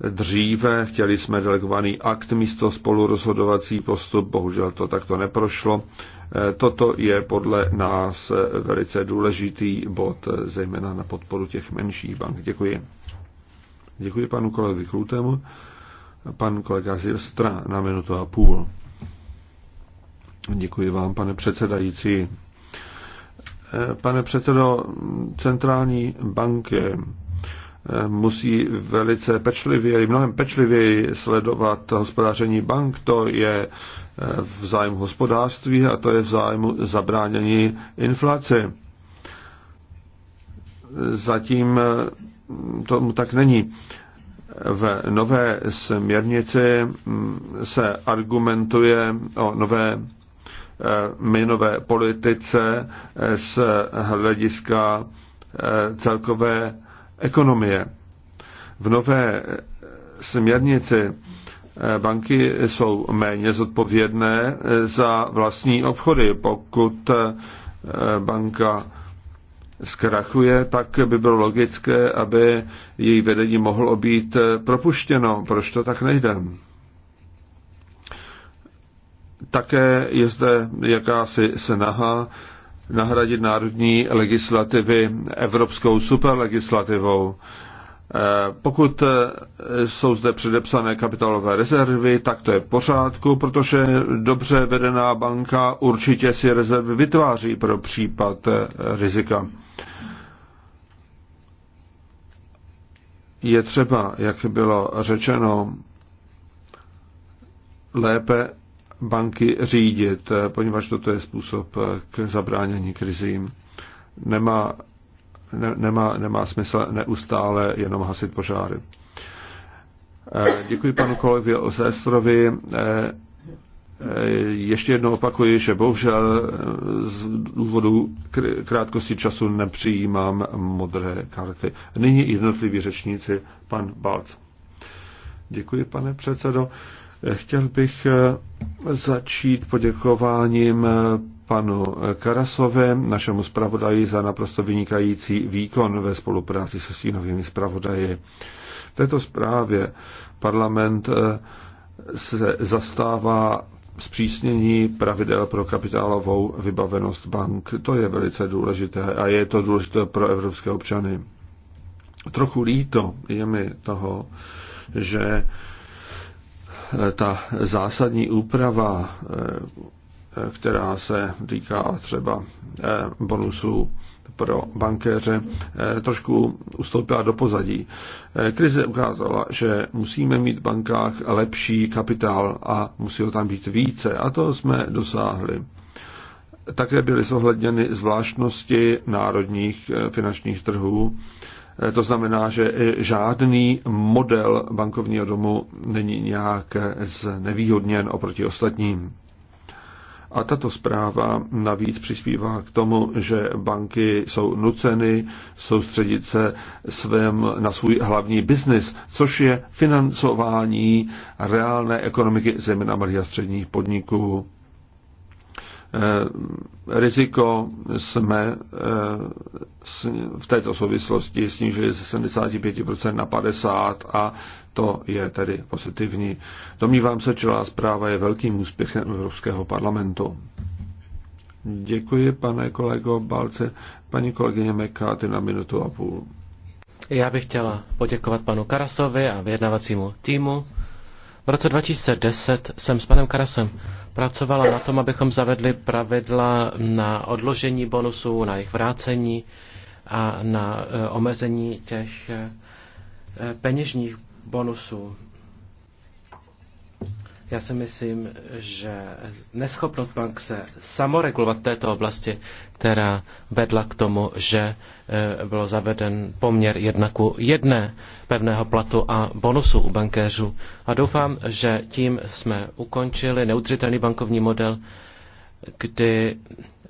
dříve. Chtěli jsme delegovaný akt místo spolurozhodovací postup, bohužel to takto neprošlo. Eh, toto je podle nás velice důležitý bod, eh, zejména na podporu těch menších bank. Děkuji. Děkuji panu kolegovi Klutému. Pan kolega Zilstra na minutu a půl. Děkuji vám, pane předsedající. Eh, pane předsedo, centrální banky musí velice pečlivěji, mnohem pečlivěji sledovat hospodáření bank. To je eh, v zájmu hospodářství a to je v zájmu zabránění inflace. Zatím eh, tomu tak není. V nové směrnici mm, se argumentuje o nové eh, minové politice z hlediska celkové ekonomie. V nové eh, směrnici eh, banky jsou méně zodpovědné eh, za vlastní obchody. Pokud banka zkrachuje, tak by bylo logické, aby její vedení mohlo být propuštěno. Proč to tak nejde? Také je zde jakási snaha nahradit národní legislativy evropskou superlegislativou. Eh, pokud eh, jsou zde předepsané kapitalové rezervy, tak to je v pořádku, protože dobře vedená banka určitě si rezervy vytváří pro případ eh, rizika. Je třeba, jak bylo řečeno, lépe banky řídit, eh, poněvadž toto je způsob eh, k zabránění krizím. Nemá, ne, nemá, nemá smysl neustále jenom hasit požáry. Eh, děkuji panu kolegovi Osestrovi. Ještě jednou opakuji, že bohužel z důvodu krátkosti času nepřijímám modré karty. Nyní jednotliví řečníci, pan Balc. Děkuji, pane předsedo. Chtěl bych eh, začít poděkováním eh, panu eh, Karasové, našemu zpravodaji, za naprosto vynikající výkon ve spolupráci se stínovými zpravodaji. V této zprávě parlament se zastává zpřísnění pravidel pro kapitálovou vybavenost bank. To je velice důležité a je to důležité pro evropské občany. Trochu líto je mi toho, že ta zásadní úprava, eh, která se týká třeba eh, bonusů pro bankéře, eh, trošku ustoupila do pozadí. Krize ukázala, že musíme mít v bankách lepší kapitál a musí ho tam být více a to jsme dosáhli. Také byly zohledněny zvláštnosti národních finančních trhů Eh, to znamená, že eh, žádný model bankovního domu není nějak eh, znevýhodněn oproti ostatním. A tato zpráva navíc přispívá k tomu, že banky jsou nuceny soustředit se svém, na svůj hlavní biznis, což je financování reálné ekonomiky, zejména malých a středních podniků. Eh, riziko jsme eh, v této souvislosti snížili ze 75% na 50% a to je tedy pozitivní. Domnívám se, že zpráva je velkým úspěchem Evropského parlamentu. Děkuji, pane kolego Balce. Paní kolegyně Mekáty na minutu a půl. Já bych chtěla poděkovat panu Karasovi a vyjednavacímu týmu. V roce 2010 jsem s panem Karasem pracovala na tom, abychom zavedli pravidla na odložení bonusů, na jejich vrácení a na e, omezení těch e, peněžních bonusů. Já si myslím, že neschopnost bank se samoregulovat v této oblasti, která vedla k tomu, že eh, byl zaveden poměr jednaku jedné pevného platu a bonusu u bankéřů. A doufám, že tím jsme ukončili neudřitelný bankovní model, kdy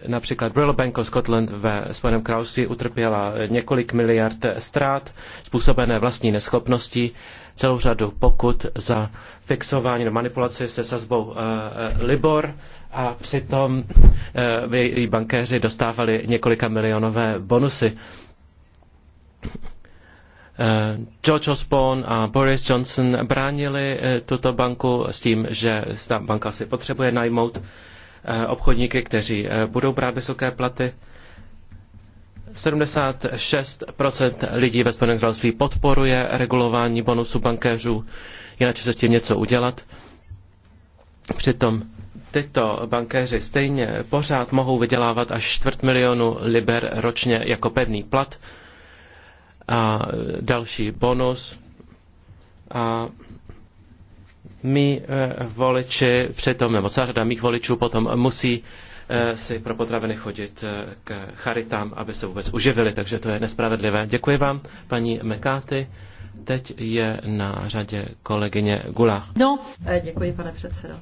například Royal Bank of Scotland ve Spojeném království utrpěla několik miliard ztrát způsobené vlastní neschopností celou řadu pokut za fixování nebo manipulaci se sazbou eh, eh, Libor a přitom by eh, bankéři dostávali několika milionové bonusy. George Osborne a Boris Johnson bránili tuto banku s tím, že ta banka si potřebuje najmout obchodníky, kteří budou brát vysoké platy. 76 lidí ve Spojeném království podporuje regulování bonusu bankéřů, jinak se s tím něco udělat. Přitom tyto bankéři stejně pořád mohou vydělávat až čtvrt milionu liber ročně jako pevný plat a další bonus. A mý eh, voliči přitom, nebo celá řada mých voličů potom musí Eh, si pro potraviny chodit eh, k charitám, aby se vůbec uživili, takže to je nespravedlivé. Děkuji vám, paní Mekáty. Teď je na řadě kolegyně Gula. No, eh, děkuji, pane předsedo.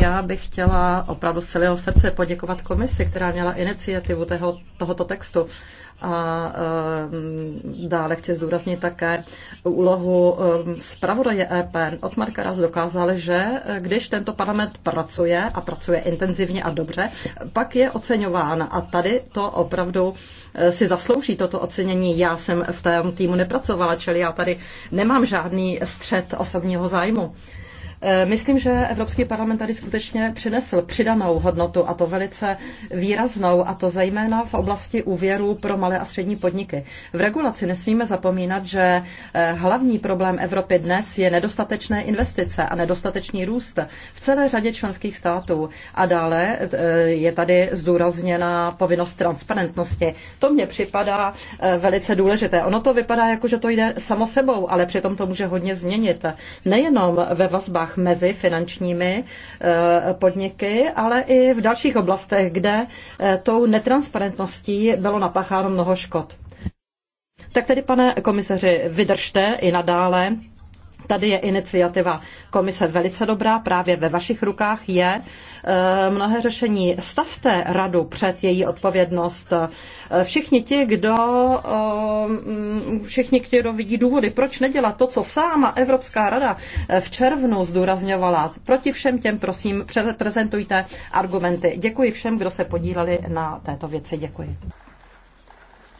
Já bych chtěla opravdu z celého srdce poděkovat komisi, která měla iniciativu tého, tohoto textu. A ehm, dále chci zdůraznit také úlohu ehm, zpravodaje EP. Od Marka raz dokázal, že e, když tento parlament pracuje a pracuje intenzivně a dobře, pak je oceňován. A tady to opravdu e, si zaslouží toto ocenění. Já jsem v tom týmu nepracovala, čili já tady nemám žádný střed osobního zájmu. Eh, myslím, že Evropský parlament tady skutečně přinesl přidanou hodnotu a to velice výraznou a to zejména v oblasti úvěru pro malé a střední podniky. V regulaci nesmíme zapomínat, že eh, hlavní problém Evropy dnes je nedostatečné investice a nedostatečný růst v celé řadě členských států. A dále eh, je tady zdůrazněna povinnost transparentnosti. To mně připadá velice důležité. Ono to vypadá jako, že to jde samo sebou, ale přitom to může hodně změnit. Nejenom ve vazbách vztah mezi finančními eh, podniky, ale i v dalších oblastech, kde eh, tou netransparentností bylo napácháno mnoho škod. Tak tedy, pane komisaři, vydržte i nadále Tady je iniciativa komise velice dobrá, právě ve vašich rukách je eh, mnohé řešení. Stavte radu před její odpovědnost. Eh, všichni ti, kdo, eh, mm, všichni, kdo vidí důvody, proč nedělat to, co sama Evropská rada v červnu zdůrazňovala. Proti všem těm, prosím, prezentujte argumenty. Děkuji všem, kdo se podíleli na této věci. Děkuji.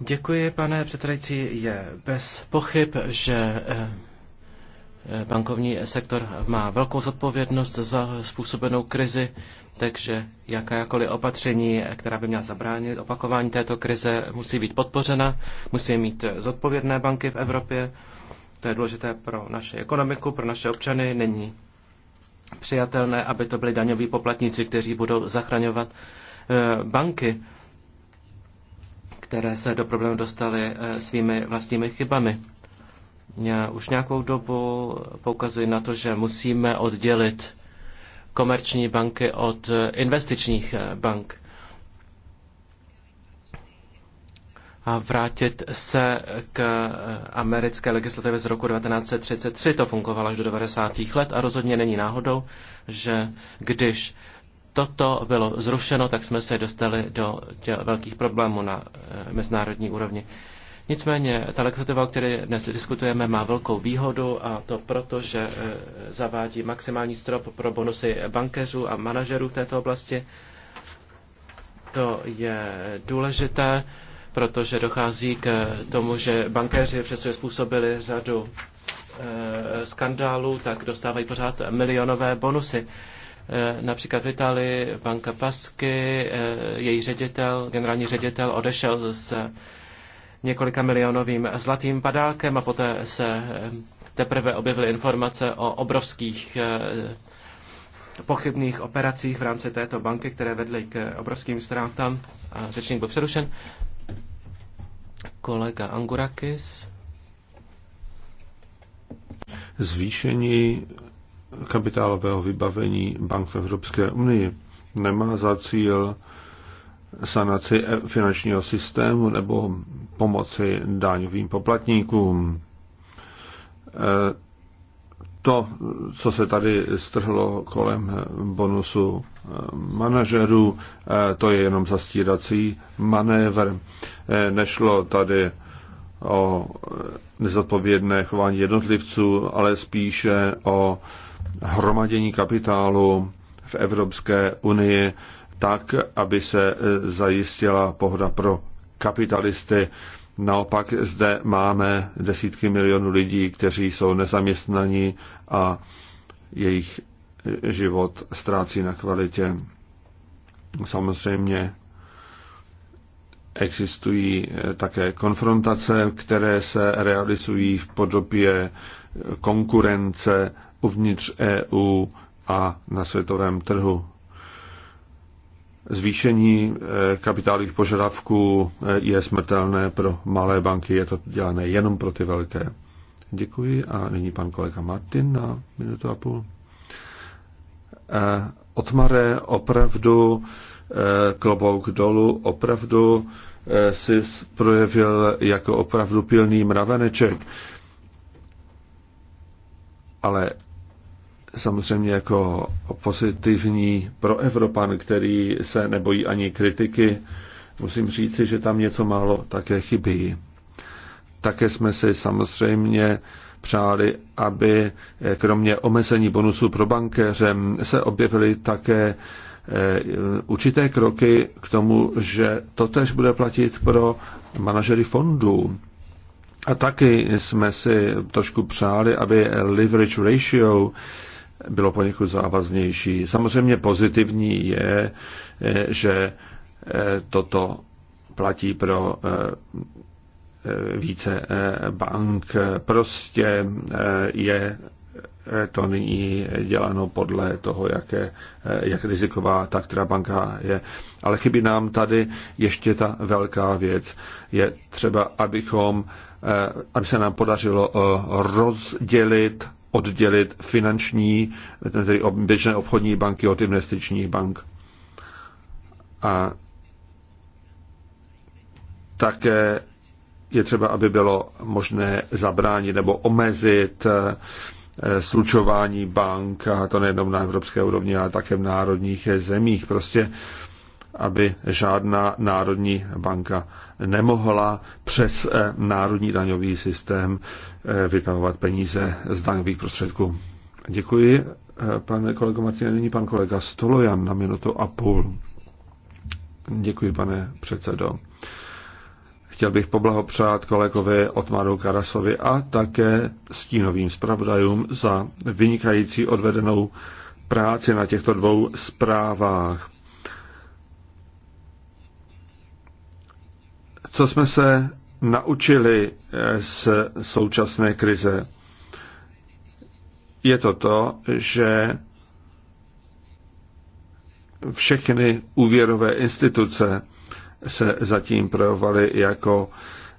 Děkuji, pane předsedající. Je bez pochyb, že eh, eh, bankovní sektor má velkou zodpovědnost za způsobenou krizi, takže jakákoliv opatření, která by měla zabránit opakování této krize, musí být podpořena, musí mít zodpovědné banky v Evropě. To je důležité pro naši ekonomiku, pro naše občany. Není přijatelné, aby to byli daňoví poplatníci, kteří budou zachraňovat eh, banky které se do problému dostaly eh, svými vlastními chybami. Já už nějakou dobu poukazuji na to, že musíme oddělit komerční banky od eh, investičních eh, bank a vrátit se k americké legislativě z roku 1933. To fungovalo až do 90. let a rozhodně není náhodou, že když toto bylo zrušeno, tak jsme se dostali do těch velkých problémů na eh, mezinárodní úrovni. Nicméně ta legislativa, o které dnes diskutujeme, má velkou výhodu a to proto, že eh, zavádí maximální strop pro bonusy bankéřů a manažerů v této oblasti. To je důležité, protože dochází k eh, tomu, že bankéři, přece způsobili řadu skandálů, tak dostávají pořád milionové bonusy. Eh, například v Itálii banka Pasky, eh, její ředitel, generální ředitel odešel s několika milionovým zlatým padákem a poté se eh, teprve objevily informace o obrovských pochybných operacích v rámci této banky, které vedly k obrovským ztrátám. A řečník byl přerušen. Kolega Angurakis. Zvýšení kapitálového vybavení bank v Evropské unii nemá za cíl sanaci e- finančního systému nebo pomoci daňovým poplatníkům. E, to, co se tady strhlo kolem bonusu e, manažerů, to je jenom zastírací manévr. Nešlo tady o nezodpovědné chování jednotlivců, ale spíše o hromadění kapitálu v Evropské unii tak, aby se e, zajistila pohoda pro kapitalisty. Naopak zde máme desítky milionů lidí, kteří jsou nezaměstnaní a jejich e, život ztrácí na kvalitě. Samozřejmě existují e, také konfrontace, které se realizují v podobě konkurence uvnitř EU a na světovém trhu. Zvýšení e, kapitálových požadavků e, je smrtelné pro malé banky, je to dělané jenom pro ty velké. Děkuji a nyní pan kolega Martin na minutu a půl. E, Otmare, opravdu klobouk dolů, opravdu si projevil jako opravdu pilný mraveneček. Ale samozřejmě jako pozitivní pro Evropan, který se nebojí ani kritiky, musím říci, že tam něco málo také chybí. Také jsme si samozřejmě přáli, aby kromě omezení bonusů pro bankéře se objevily také eh, určité kroky k tomu, že to tež bude platit pro manažery fondů. A taky jsme si trošku přáli, aby leverage ratio bylo poněkud závaznější. Samozřejmě pozitivní je, že eh, toto platí pro eh, více eh, bank. Prostě je to nyní děláno podle toho, jak, je, jak riziková ta která banka je. Ale chybí nám tady ještě ta velká věc. Je třeba, abychom, aby se nám podařilo rozdělit oddělit finanční, tedy běžné obchodní banky od investičních bank. A také je třeba, aby bylo možné zabránit nebo omezit eh, slučování bank, a to nejenom na evropské úrovni, ale také v národních eh, zemích. Prostě aby žádná národní banka nemohla přes eh, národní daňový systém eh, vytahovat peníze z daňových prostředků. Děkuji, eh, pane kolego Martina, Nyní pan kolega Stolojan na minutu a půl. Děkuji, pane předsedo. Chtěl bych poblahopřát kolegovi Otmaru Karasovi a také stínovým zpravodajům za vynikající odvedenou práci na těchto dvou zprávách. Co jsme se naučili eh, z současné krize? Je to to, že všechny úvěrové instituce se zatím projevovaly jako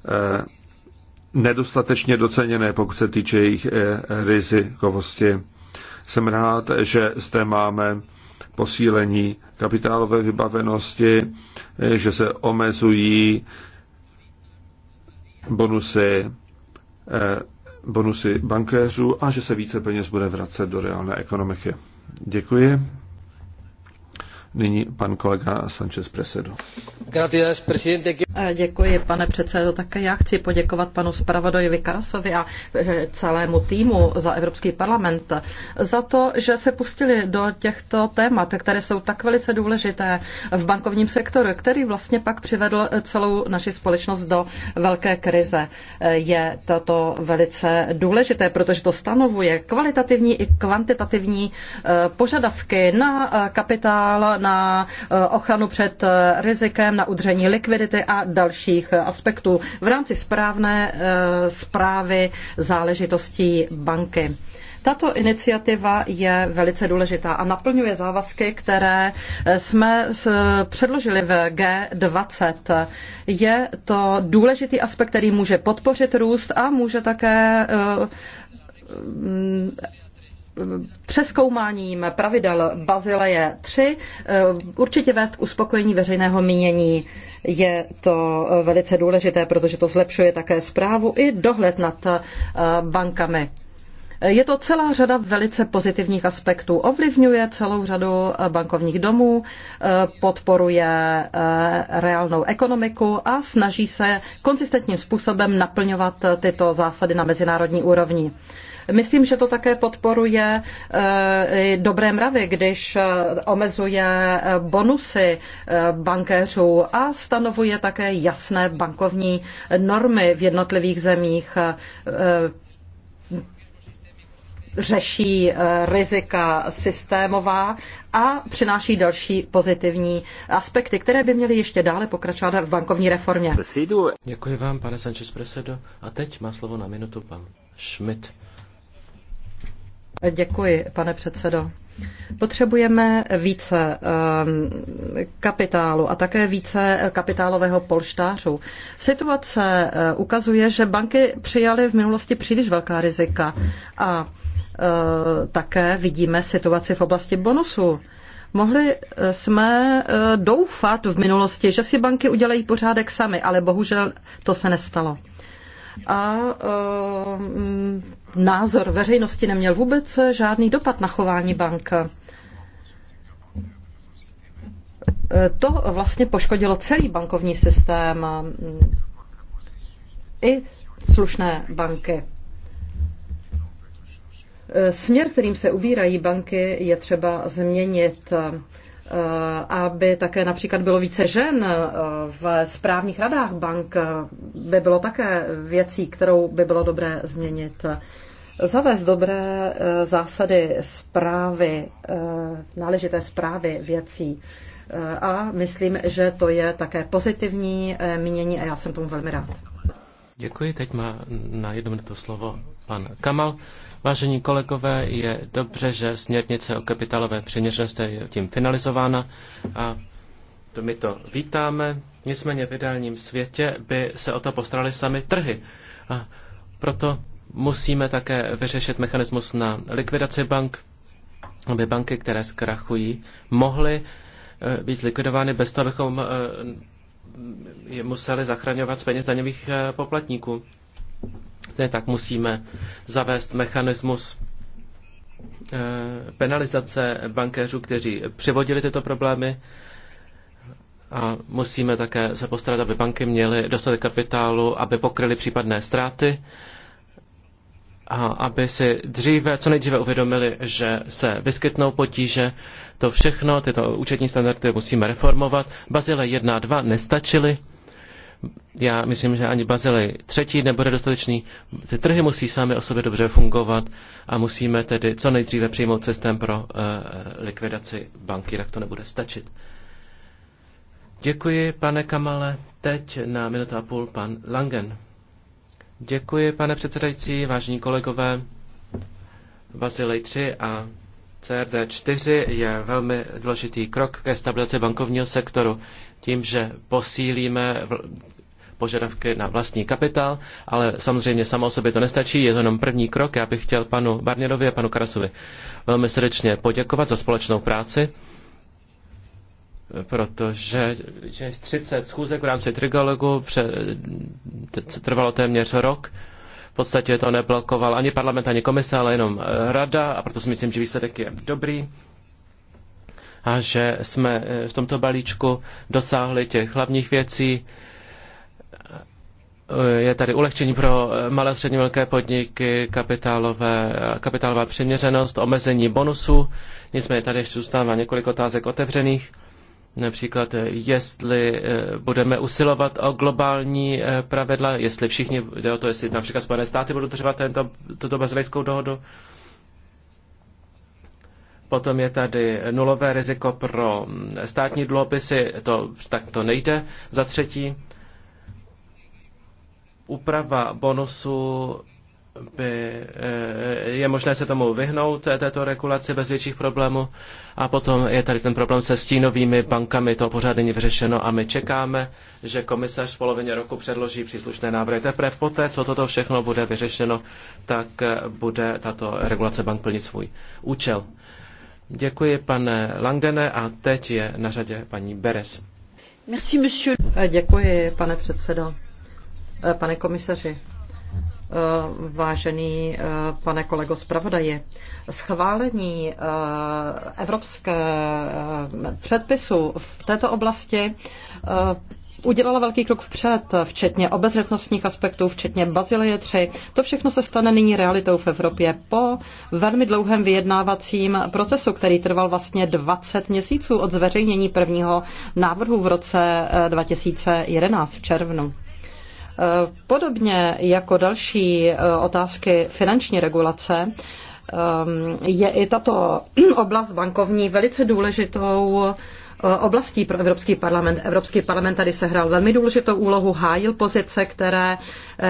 eh, nedostatečně doceněné, pokud se týče jejich eh, rizikovosti. Jsem rád, že zde máme posílení kapitálové vybavenosti, že se omezují bonusy, eh, bonusy bankéřů a že se více peněz bude vracet do reálné ekonomiky. Děkuji. Nyní pan kolega Sanchez Presedo. Gracias, presidente. Děkuji, pane předsedo. Také já chci poděkovat panu Spravodajovi Karasovi a e, celému týmu za Evropský parlament za to, že se pustili do těchto témat, které jsou tak velice důležité v bankovním sektoru, který vlastně pak přivedl celou naši společnost do velké krize. Je toto velice důležité, protože to stanovuje kvalitativní i kvantitativní e, požadavky na e, kapitál, na ochranu před rizikem, na udržení likvidity a dalších aspektů v rámci správné zprávy eh, záležitostí banky. Tato iniciativa je velice důležitá a naplňuje závazky, které eh, jsme předložili v G20. Je to důležitý aspekt, který může podpořit růst a může také eh, přeskoumáním pravidel Bazileje 3 eh, určitě vést k uspokojení veřejného mínění. Je to eh, velice důležité, protože to zlepšuje také zprávu i dohled nad eh, bankami. Je to celá řada velice pozitivních aspektů. Ovlivňuje celou řadu bankovních domů, podporuje reálnou ekonomiku a snaží se konzistentním způsobem naplňovat tyto zásady na mezinárodní úrovni. Myslím, že to také podporuje eh, dobré mravy, když eh, omezuje eh, bonusy bankéřů a stanovuje také jasné bankovní normy v jednotlivých zemích řeší rizika systémová a přináší další pozitivní aspekty, které by měly ještě dále pokračovat v bankovní reformě. Děkuji vám, pane Sanchez Presedo. A teď má slovo na minutu pan Schmidt. Děkuji, pane předsedo. Potřebujeme více ehm, kapitálu a také více kapitálového polštářů. Situace eh, ukazuje, že banky přijaly v minulosti příliš velká rizika a eh, také vidíme situaci v oblasti bonusů. Mohli eh, jsme doufat v minulosti, že si banky udělají pořádek sami, ale bohužel to se nestalo. A ehm, názor veřejnosti neměl vůbec žádný dopad na chování bank. To vlastně poškodilo celý bankovní systém i slušné banky. Směr, kterým se ubírají banky, je třeba změnit. Eh, aby také například bylo více žen eh, v správních radách bank, eh, by bylo také věcí, kterou by bylo dobré změnit. Zavést dobré zásady zprávy, náležité zprávy věcí. A myslím, že to je také pozitivní mínění a já jsem tomu velmi rád. Děkuji, teď má na jednu minutu slovo pan Kamal. Vážení kolegové, je dobře, že směrnice o kapitálové přiměřenosti je tím finalizována a to my to vítáme. Nicméně v ideálním světě by se o to postarali sami trhy. A proto musíme také vyřešit mechanismus na likvidaci bank, aby banky, které zkrachují, mohly eh, být zlikvidovány bez toho, abychom eh, je museli zachraňovat z peněz daňových eh, poplatníků nezbytné, tak musíme zavést mechanismus eh, penalizace bankéřů, kteří přivodili tyto problémy. A musíme také se postarat, aby banky měly dostatek kapitálu, aby pokryly případné ztráty a aby si dříve, co nejdříve uvědomili, že se vyskytnou potíže. To všechno, tyto účetní standardy musíme reformovat. Bazile 1 a 2 nestačily já myslím, že ani Bazily třetí nebude dostatečný. Ty trhy musí sami o sobě dobře fungovat a musíme tedy co nejdříve přijmout systém pro uh, likvidaci banky, tak to nebude stačit. Děkuji, pane Kamale. Teď na minutu a půl pan Langen. Děkuji, pane předsedající, vážení kolegové. Bazilej 3 a CRD4 je velmi důležitý krok ke stabilizaci bankovního sektoru tím, že posílíme požadavky na vlastní kapitál, ale samozřejmě samo o sobě to nestačí, je to jenom první krok. Já bych chtěl panu Barnierovi a panu Karasovi velmi srdečně poděkovat za společnou práci, protože že 30 schůzek v rámci Trigologu pře, trvalo téměř rok podstatě to neblokoval ani parlament, ani komise, ale jenom eh, rada a proto si myslím, že výsledek je dobrý a že jsme eh, v tomto balíčku dosáhli těch hlavních věcí. Eh, je tady ulehčení pro malé a velké podniky, kapitálové, kapitálová přiměřenost, omezení bonusu. Nicméně tady ještě zůstává několik otázek otevřených. Například, eh, jestli eh, budeme usilovat o globální eh, pravidla, jestli všichni, jde o to, jestli například Spojené státy budou dodržovat tento, tuto bazilejskou dohodu. Potom je tady nulové riziko pro mm, státní dluhopisy, to, tak to nejde. Za třetí, úprava bonusu by eh, je možné se tomu vyhnout, eh, této regulaci bez větších problémů. A potom je tady ten problém se stínovými bankami, to pořád není vyřešeno a my čekáme, že komisař v polovině roku předloží příslušné návrhy. Teprve poté, co toto všechno bude vyřešeno, tak eh, bude tato regulace bank plnit svůj účel. Děkuji, pane Langdene, a teď je na řadě paní Beres. Merci, monsieur. Děkuji, pane předsedo. Pane komisaři, Eh, vážený eh, pane kolego zpravodaji. Schválení eh, evropské předpisu v této oblasti udělala velký krok vpřed, včetně obezřetnostních aspektů, včetně Bazilie 3. To všechno se stane nyní realitou v Evropě po velmi dlouhém vyjednávacím procesu, který trval vlastně 20 měsíců od zveřejnění prvního návrhu v roce 2011 v červnu. Podobně jako další eh, otázky finanční regulace, eh, je i tato oblast bankovní velice důležitou eh, oblastí pro Evropský parlament. Evropský parlament tady sehrál velmi důležitou úlohu, hájil pozice, které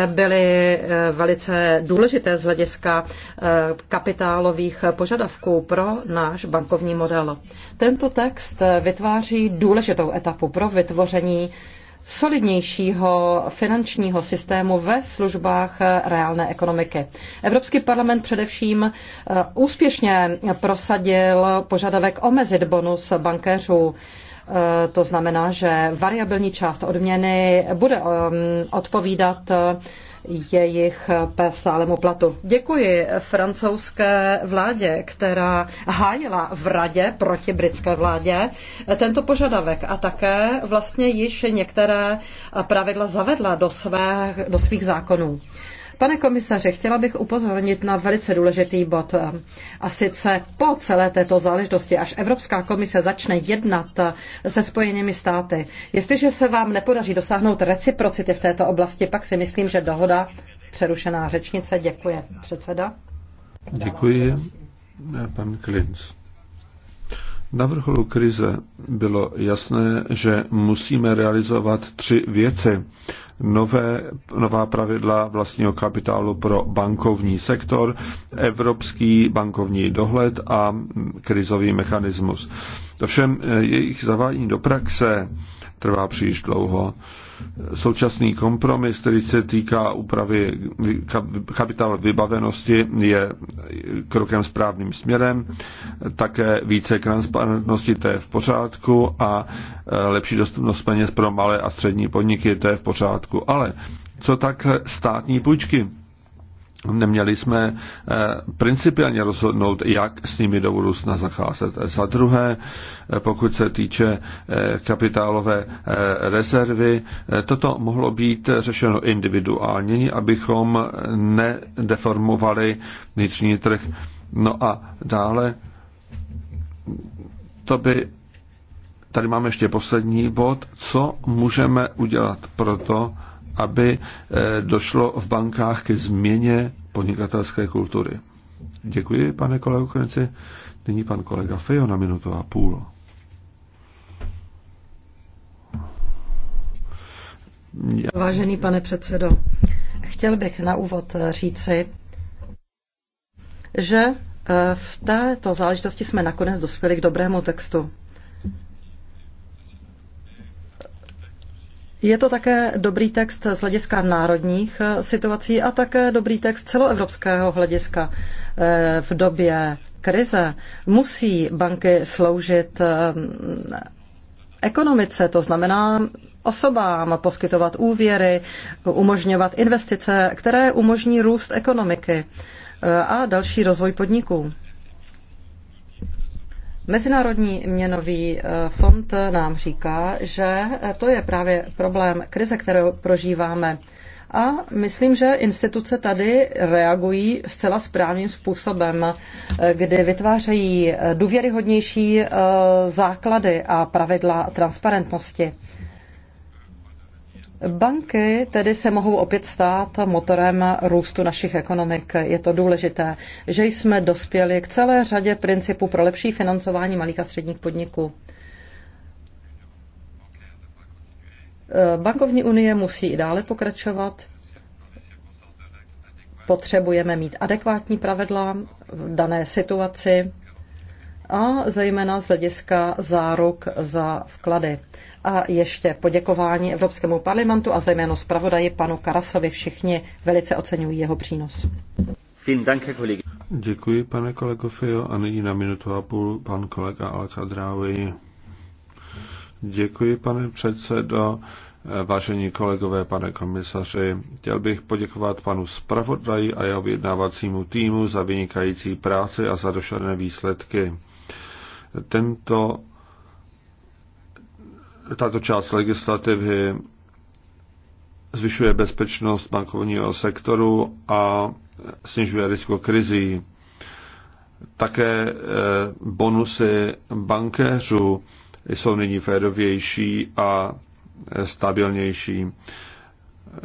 byly velice důležité z hlediska kapitálových požadavků pro náš bankovní model. Tento text vytváří důležitou etapu pro vytvoření solidnějšího finančního systému ve službách reálné ekonomiky. Evropský parlament především eh, úspěšně prosadil požadavek omezit bonus bankéřů. Eh, to znamená, že variabilní část odměny bude eh, odpovídat jejich stálému platu. Děkuji francouzské vládě, která hájila v radě proti britské vládě eh, tento požadavek a také vlastně již některé eh, pravidla zavedla do, své, do svých zákonů. Pane komisaře, chtěla bych upozornit na velice důležitý bod. Eh, a sice po celé této záležitosti, až Evropská komise začne jednat eh, se Spojenými státy, jestliže se vám nepodaří dosáhnout reciprocity v této oblasti, pak si myslím, že dohoda přerušená řečnice. Děkuje předseda. Děkuji. Pan Klinc. Na vrcholu krize bylo jasné, že musíme realizovat tři věci. Nové, nová pravidla vlastního kapitálu pro bankovní sektor, evropský bankovní dohled a krizový mechanismus. Ovšem eh, jejich zavádění do praxe trvá příliš dlouho současný kompromis, který se týká úpravy kapitál vybavenosti, je krokem správným směrem. Také více transparentnosti, to je v pořádku a e, lepší dostupnost peněz pro malé a střední podniky, to je v pořádku. Ale co tak státní půjčky? Neměli jsme eh, principiálně rozhodnout, jak s nimi do budoucna zacházet. Za druhé, eh, pokud se týče eh, kapitálové rezervy, toto mohlo být řešeno individuálně, abychom nedeformovali vnitřní trh. No a dále, to by, tady máme ještě poslední bod, co můžeme udělat pro to, aby eh, došlo v bankách ke změně podnikatelské kultury. Děkuji, pane kolego Krenci. Nyní pan kolega Fejo na minutu a půl. Já... Vážený pane předsedo, chtěl bych na úvod říci, že eh, v této záležitosti jsme nakonec dospěli k dobrému textu. Je to také dobrý text z hlediska národních eh, situací a také dobrý text celoevropského hlediska. Eh, v době krize musí banky sloužit eh, ekonomice, to znamená osobám poskytovat úvěry, umožňovat investice, které umožní růst ekonomiky a další rozvoj podniků. Mezinárodní měnový eh, fond nám říká, že eh, to je právě problém krize, kterou prožíváme. A myslím, že instituce tady reagují zcela správným způsobem, eh, kdy vytvářejí důvěryhodnější základy a pravidla transparentnosti. Banky tedy se mohou opět stát motorem růstu našich ekonomik. Je to důležité, že jsme dospěli k celé řadě principů pro lepší financování malých a středních podniků. Bankovní unie musí i dále pokračovat. Potřebujeme mít adekvátní pravidla v dané situaci a zejména z hlediska záruk za vklady. A ještě poděkování Evropskému parlamentu a zejména zpravodaji panu Karasovi. Všichni velice oceňují jeho přínos. Děkuji, pane kolego Fio. A nyní na minutu a půl pan kolega Alcadrávi. Děkuji, pane předsedo. Vážení kolegové, pane komisaři, chtěl bych poděkovat panu zpravodaji a jeho vyjednávacímu týmu za vynikající práci a za došlené výsledky. Tento tato část legislativy zvyšuje bezpečnost bankovního sektoru a snižuje riziko krizí. Také eh, bonusy bankéřů jsou nyní férovější a eh, stabilnější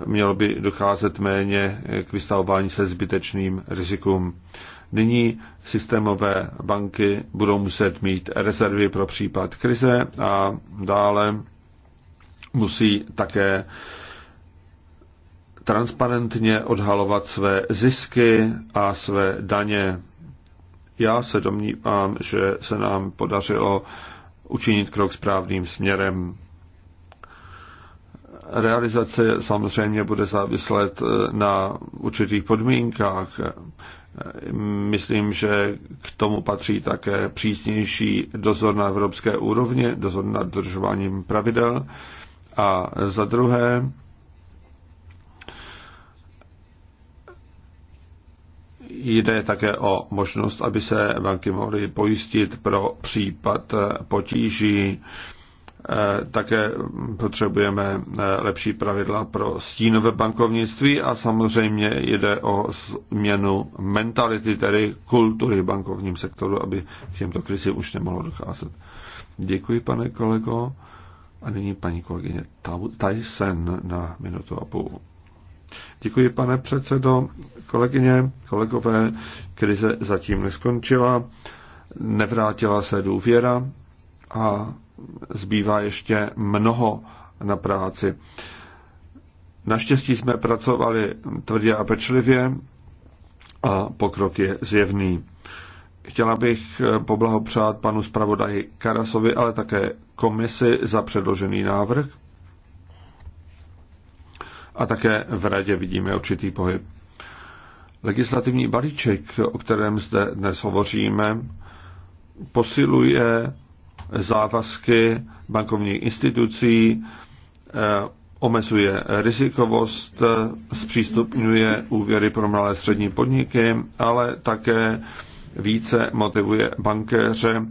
mělo by docházet méně k vystavování se zbytečným rizikům. Nyní systémové banky budou muset mít rezervy pro případ krize a dále musí také transparentně odhalovat své zisky a své daně. Já se domnívám, že se nám podařilo učinit krok správným směrem realizace samozřejmě bude záviset eh, na určitých podmínkách. Myslím, že k tomu patří také přísnější dozor na evropské úrovni, dozor nad dodržováním pravidel. A za druhé, jde také o možnost, aby se banky mohly pojistit pro případ potíží. Eh, také potřebujeme eh, lepší pravidla pro stínové bankovnictví a samozřejmě jde o změnu mentality, tedy kultury v bankovním sektoru, aby k těmto krizi už nemohlo docházet. Děkuji, pane kolego. A nyní paní kolegyně Tyson na minutu a půl. Děkuji, pane předsedo. Kolegyně, kolegové, krize zatím neskončila, nevrátila se důvěra a zbývá ještě mnoho na práci. Naštěstí jsme pracovali tvrdě a pečlivě a pokrok je zjevný. Chtěla bych poblahopřát panu zpravodaji Karasovi, ale také komisi za předložený návrh. A také v radě vidíme určitý pohyb. Legislativní balíček, o kterém zde dnes hovoříme, posiluje závazky bankovních institucí, eh, omezuje rizikovost, zpřístupňuje úvěry pro malé střední podniky, ale také více motivuje bankéře,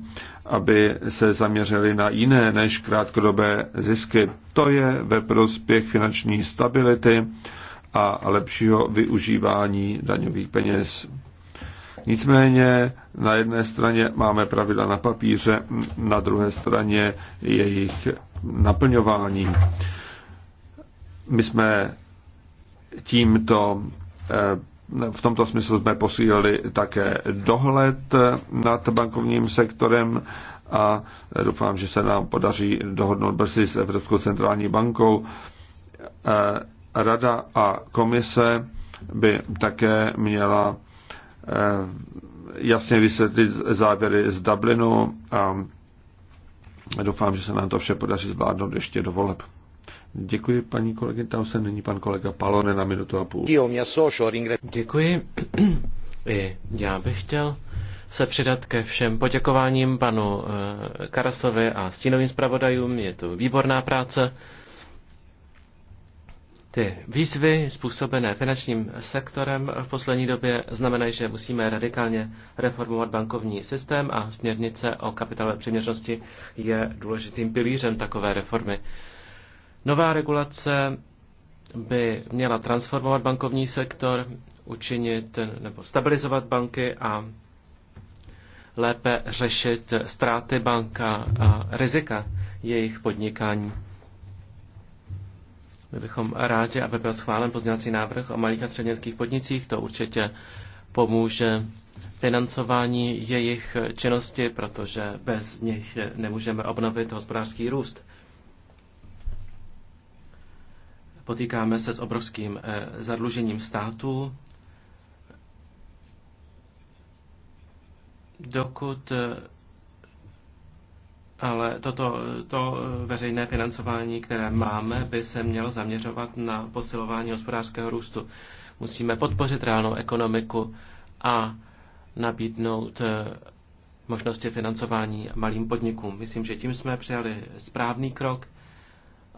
aby se zaměřili na jiné než krátkodobé zisky. To je ve prospěch finanční stability a lepšího využívání daňových peněz. Nicméně na jedné straně máme pravidla na papíře, na druhé straně jejich naplňování. My jsme tímto eh, v tomto smyslu jsme posílili také dohled nad bankovním sektorem a doufám, že se nám podaří dohodnout brzy s Evropskou centrální bankou. Eh, Rada a komise by také měla Eh, jasně vysvětlit závěry z Dublinu a doufám, že se nám to vše podaří zvládnout ještě do voleb. Děkuji paní kolegyně Tausen, není pan kolega Palone na minutu a půl. Děkuji. I já bych chtěl se přidat ke všem poděkováním panu eh, Karasovi a stínovým zpravodajům. Je to výborná práce. Ty výzvy způsobené finančním sektorem v poslední době znamenají, že musíme radikálně reformovat bankovní systém a směrnice o kapitalové přiměřnosti je důležitým pilířem takové reformy. Nová regulace by měla transformovat bankovní sektor, učinit nebo stabilizovat banky a lépe řešit ztráty banka a rizika jejich podnikání. My bychom rádi, aby byl schválen pozdělací návrh o malých a střednědkých podnicích. To určitě pomůže financování jejich činnosti, protože bez nich nemůžeme obnovit hospodářský růst. Potýkáme se s obrovským eh, zadlužením států. Dokud eh, ale toto to eh, veřejné financování, které máme, by se mělo zaměřovat na posilování hospodářského růstu. Musíme podpořit reálnou ekonomiku a nabídnout eh, možnosti financování malým podnikům. Myslím, že tím jsme přijali správný krok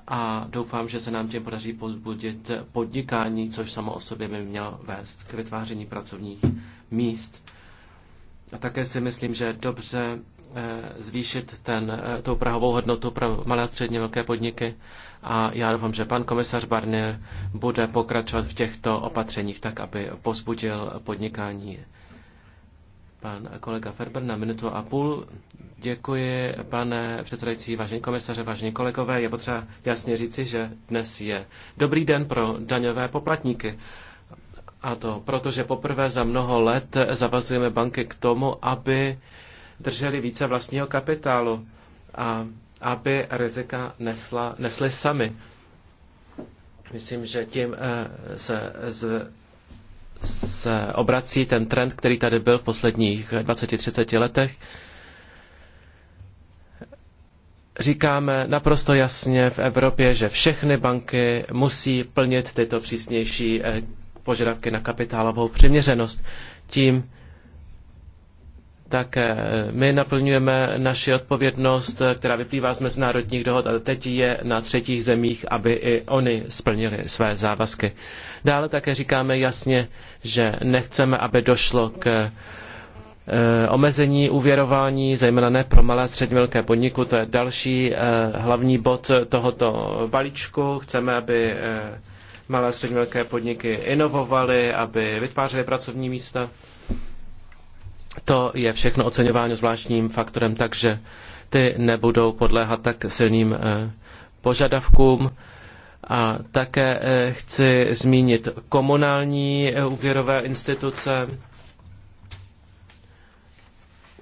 a doufám, že se nám tím podaří pozbudit podnikání, což samo o sobě by mělo vést k vytváření pracovních míst. A také si myslím, že dobře Eh, zvýšit ten, eh, tu prahovou hodnotu pro malé a středně velké podniky a já doufám, že pan komisař Barnier bude pokračovat v těchto opatřeních tak, aby pozbudil podnikání. Pan kolega Ferber na minutu a půl. Děkuji, pane předsedající, vážení komisaře, vážení kolegové. Je potřeba jasně říci, že dnes je dobrý den pro daňové poplatníky. A to proto, že poprvé za mnoho let zavazujeme banky k tomu, aby drželi více vlastního kapitálu a aby rizika nesla, nesli sami. Myslím, že tím eh, se, z, se obrací ten trend, který tady byl v posledních 20-30 letech. Říkáme naprosto jasně v Evropě, že všechny banky musí plnit tyto přísnější eh, požadavky na kapitálovou přiměřenost. Tím také eh, my naplňujeme naši odpovědnost, eh, která vyplývá z mezinárodních dohod, a teď je na třetích zemích, aby i oni splnili své závazky. Dále také říkáme jasně, že nechceme, aby došlo k eh, omezení úvěrování, zejména ne pro malé a středně velké podniky, to je další hlavní bod tohoto balíčku. Chceme, aby malé a středně velké podniky inovovaly, aby vytvářely pracovní místa to je všechno oceňováno zvláštním faktorem, takže ty nebudou podléhat tak silným eh, požadavkům. A také eh, chci zmínit komunální eh, úvěrové instituce,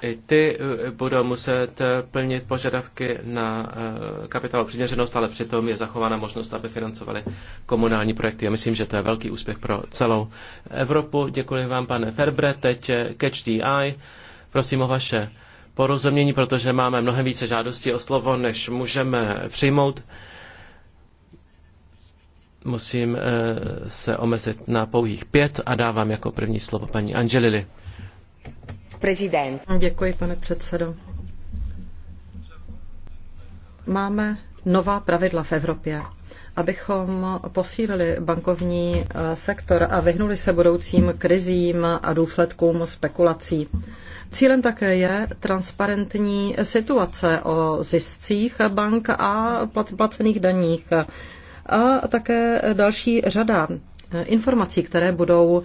i ty eh, budou muset eh, plnit požadavky na eh, kapitálovou přiměřenost, ale přitom je zachována možnost, aby financovali komunální projekty. Já myslím, že to je velký úspěch pro celou Evropu. Děkuji vám, pane Ferbre. Teď Catch the Eye. Prosím o vaše porozumění, protože máme mnohem více žádostí o slovo, než můžeme přijmout. Musím se omezit na pouhých pět a dávám jako první slovo paní Angelili prezident. Děkuji, pane předsedo. Máme nová pravidla v Evropě. Abychom posílili bankovní eh, sektor a vyhnuli se budoucím krizím a důsledkům spekulací. Cílem také je transparentní situace o ziscích bank a placených daních a také další řada eh, informací, které budou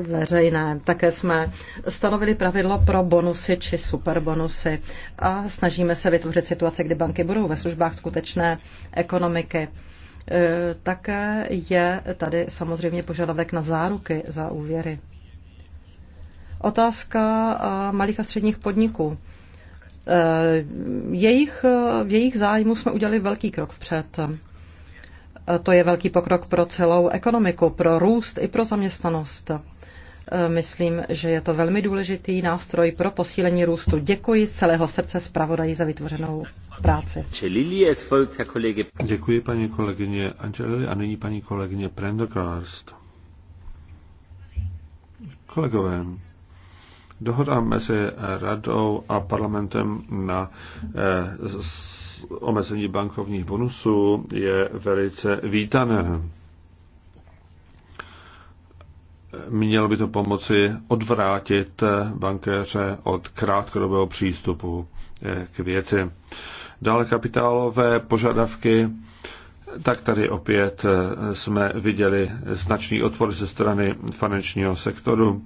veřejné. Také jsme stanovili pravidlo pro bonusy či superbonusy a snažíme se vytvořit situace, kdy banky budou ve službách skutečné ekonomiky. E, také je tady samozřejmě požadavek na záruky za úvěry. Otázka e, malých a středních podniků. E, jejich, v jejich zájmu jsme udělali velký krok vpřed. To je velký pokrok pro celou ekonomiku, pro růst i pro zaměstnanost. E, myslím, že je to velmi důležitý nástroj pro posílení růstu. Děkuji z celého srdce zpravodaji za vytvořenou práci. Děkuji paní kolegyně Angelili a nyní paní kolegyně Prendergast. Kolegové, dohoda mezi radou a parlamentem na e, omezení bankovních bonusů je velice vítané. Mělo by to pomoci odvrátit bankéře od krátkodobého přístupu eh, k věci. Dále kapitálové požadavky, tak tady opět eh, jsme viděli značný odpor ze strany finančního sektoru.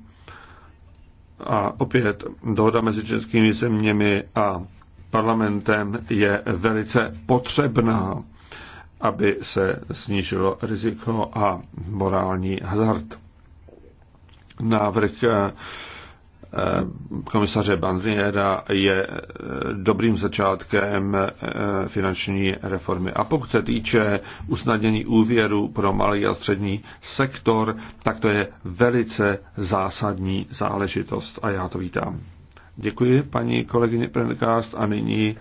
A opět dohoda mezi českými zeměmi a parlamentem je velice potřebná, aby se snížilo riziko a morální hazard návrh eh, eh, komisaře Bandriera je eh, dobrým začátkem finanční reformy. A pokud se týče usnadnění úvěru pro malý a střední sektor, tak to je velice zásadní záležitost a já to vítám. Děkuji paní kolegyně Prendekast a nyní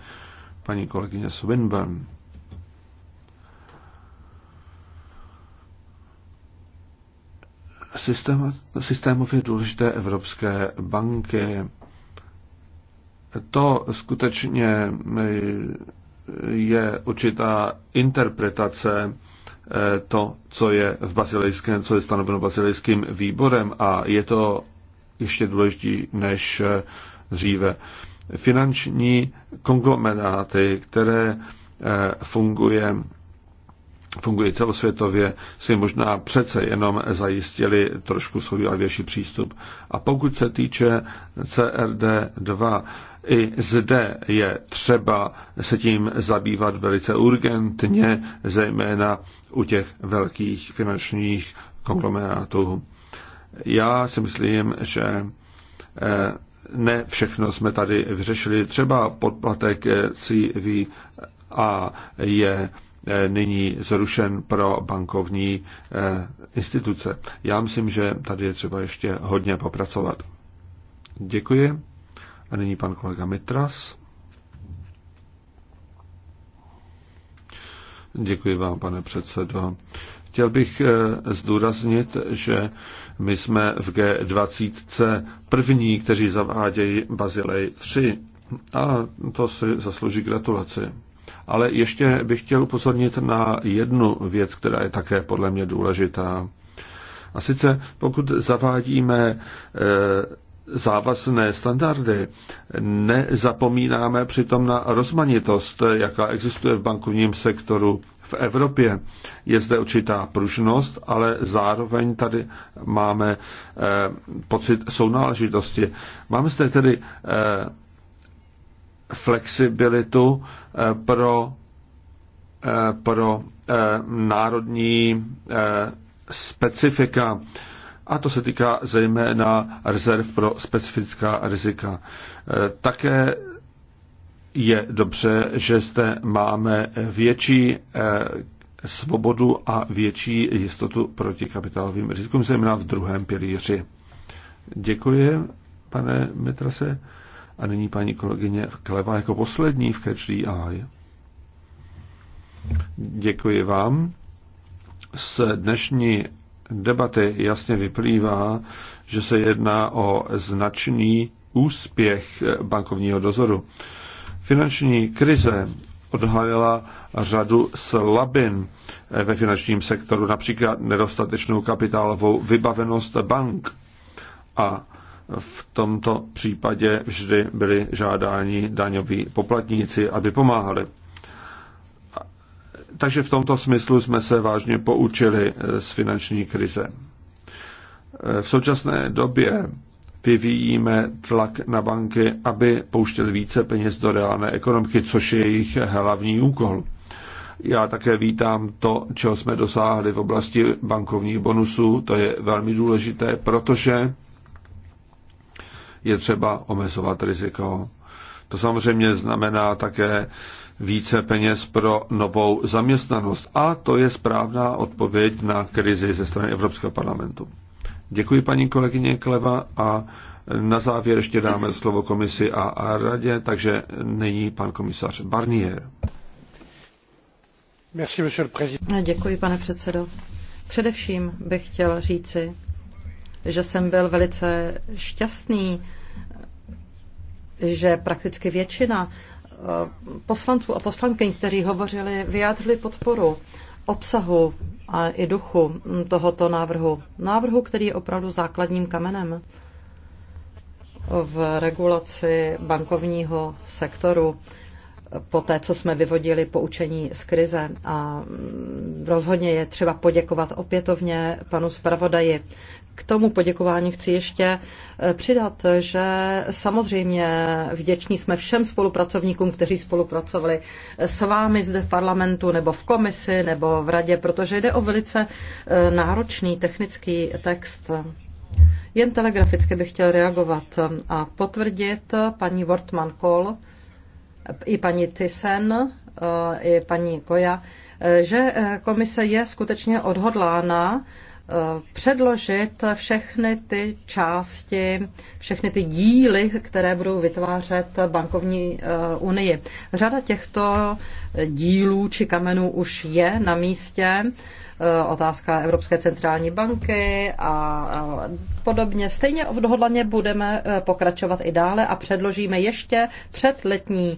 paní kolegyně Swinburne. systémově důležité evropské banky. To skutečně je určitá interpretace eh, to, co je v bazilejském, co je stanoveno bazilejským výborem a je to ještě důležitější než eh, dříve. Finanční konglomeráty, které eh, funguje funguje celosvětově, si možná přece jenom zajistili trošku větší přístup. A pokud se týče CRD2, i zde je třeba se tím zabývat velice urgentně, zejména u těch velkých finančních konglomerátů. Já si myslím, že eh, ne všechno jsme tady vyřešili. Třeba podplatek eh, CV a je Eh, nyní zrušen pro bankovní eh, instituce. Já myslím, že tady je třeba ještě hodně popracovat. Děkuji. A nyní pan kolega Mitras. Děkuji vám, pane předsedo. Chtěl bych eh, zdůraznit, že my jsme v G20 první, kteří zavádějí Bazilej 3 a to si zaslouží gratulaci. Ale ještě bych chtěl upozornit na jednu věc, která je také podle mě důležitá. A sice pokud zavádíme eh, závazné standardy, nezapomínáme přitom na rozmanitost, jaká existuje v bankovním sektoru v Evropě. Je zde určitá pružnost, ale zároveň tady máme e, pocit sounáležitosti. Máme zde tedy e, flexibilitu eh, pro, eh, pro eh, národní specifika. A to se týká zejména rezerv pro specifická rizika. Také je dobře, že zde máme větší svobodu a větší jistotu proti kapitálovým rizikům, zejména v druhém pilíři. Děkuji, pane Metrase. A nyní paní kolegyně Kleva jako poslední v Catch the Eye. Děkuji vám. Z dnešní debaty jasně vyplývá, že se jedná o značný úspěch bankovního dozoru. Finanční krize odhalila řadu slabin ve finančním sektoru, například nedostatečnou kapitálovou vybavenost bank a v tomto případě vždy byli žádáni daňoví poplatníci, aby pomáhali. Takže v tomto smyslu jsme se vážně poučili z finanční krize. V současné době vyvíjíme tlak na banky, aby pouštěli více peněz do reálné ekonomiky, což je jejich hlavní úkol. Já také vítám to, čeho jsme dosáhli v oblasti bankovních bonusů. To je velmi důležité, protože je třeba omezovat riziko. To samozřejmě znamená také více peněz pro novou zaměstnanost. A to je správná odpověď na krizi ze strany Evropského parlamentu. Děkuji paní kolegyně Kleva a na závěr ještě dáme slovo komisi a, radě, takže nyní pan komisař Barnier. No, děkuji, pane předsedo. Především bych chtěl říci, že jsem byl velice šťastný, že prakticky většina eh, poslanců a poslankyň, kteří hovořili, vyjádřili podporu obsahu a i duchu mm, tohoto návrhu. Návrhu, který je opravdu základním kamenem v regulaci bankovního sektoru eh, po té, co jsme vyvodili poučení z krize. A mm, rozhodně je třeba poděkovat opětovně panu zpravodaji k tomu poděkování chci ještě e, přidat, že samozřejmě vděční jsme všem spolupracovníkům, kteří spolupracovali s vámi zde v parlamentu nebo v komisi nebo v radě, protože jde o velice e, náročný technický text. Jen telegraficky bych chtěl reagovat a potvrdit paní Wortmann Kohl i paní Thyssen, e, i paní Koja, že komise je skutečně odhodlána předložit všechny ty části, všechny ty díly, které budou vytvářet bankovní eh, unii. Řada těchto dílů či kamenů už je na místě. Eh, otázka Evropské centrální banky a podobně. Stejně odhodlaně budeme eh, pokračovat i dále a předložíme ještě před letními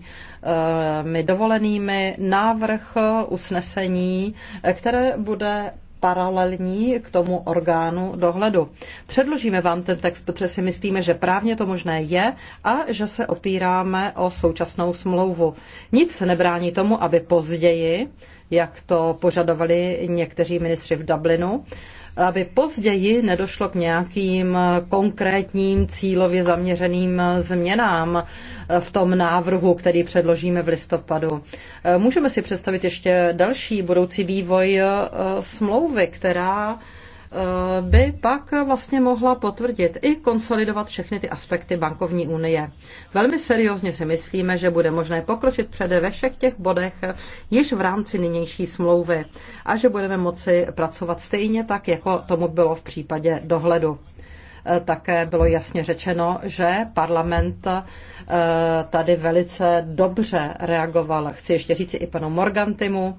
dovolenými návrh usnesení, které bude paralelní k tomu orgánu dohledu. Předložíme vám ten text, protože si myslíme, že právně to možné je a že se opíráme o současnou smlouvu. Nic nebrání tomu, aby později, jak to požadovali někteří ministři v Dublinu, aby později nedošlo k nějakým konkrétním cílově zaměřeným změnám v tom návrhu, který předložíme v listopadu. Můžeme si představit ještě další budoucí vývoj eh, smlouvy, která Eh, by pak vlastně mohla potvrdit i konsolidovat všechny ty aspekty bankovní unie. Velmi seriózně si myslíme, že bude možné pokročit přede ve všech těch bodech již v rámci nynější smlouvy a že budeme moci pracovat stejně tak, jako tomu bylo v případě dohledu eh, také bylo jasně řečeno, že parlament eh, tady velice dobře reagoval. Chci ještě říci i panu Morgantimu,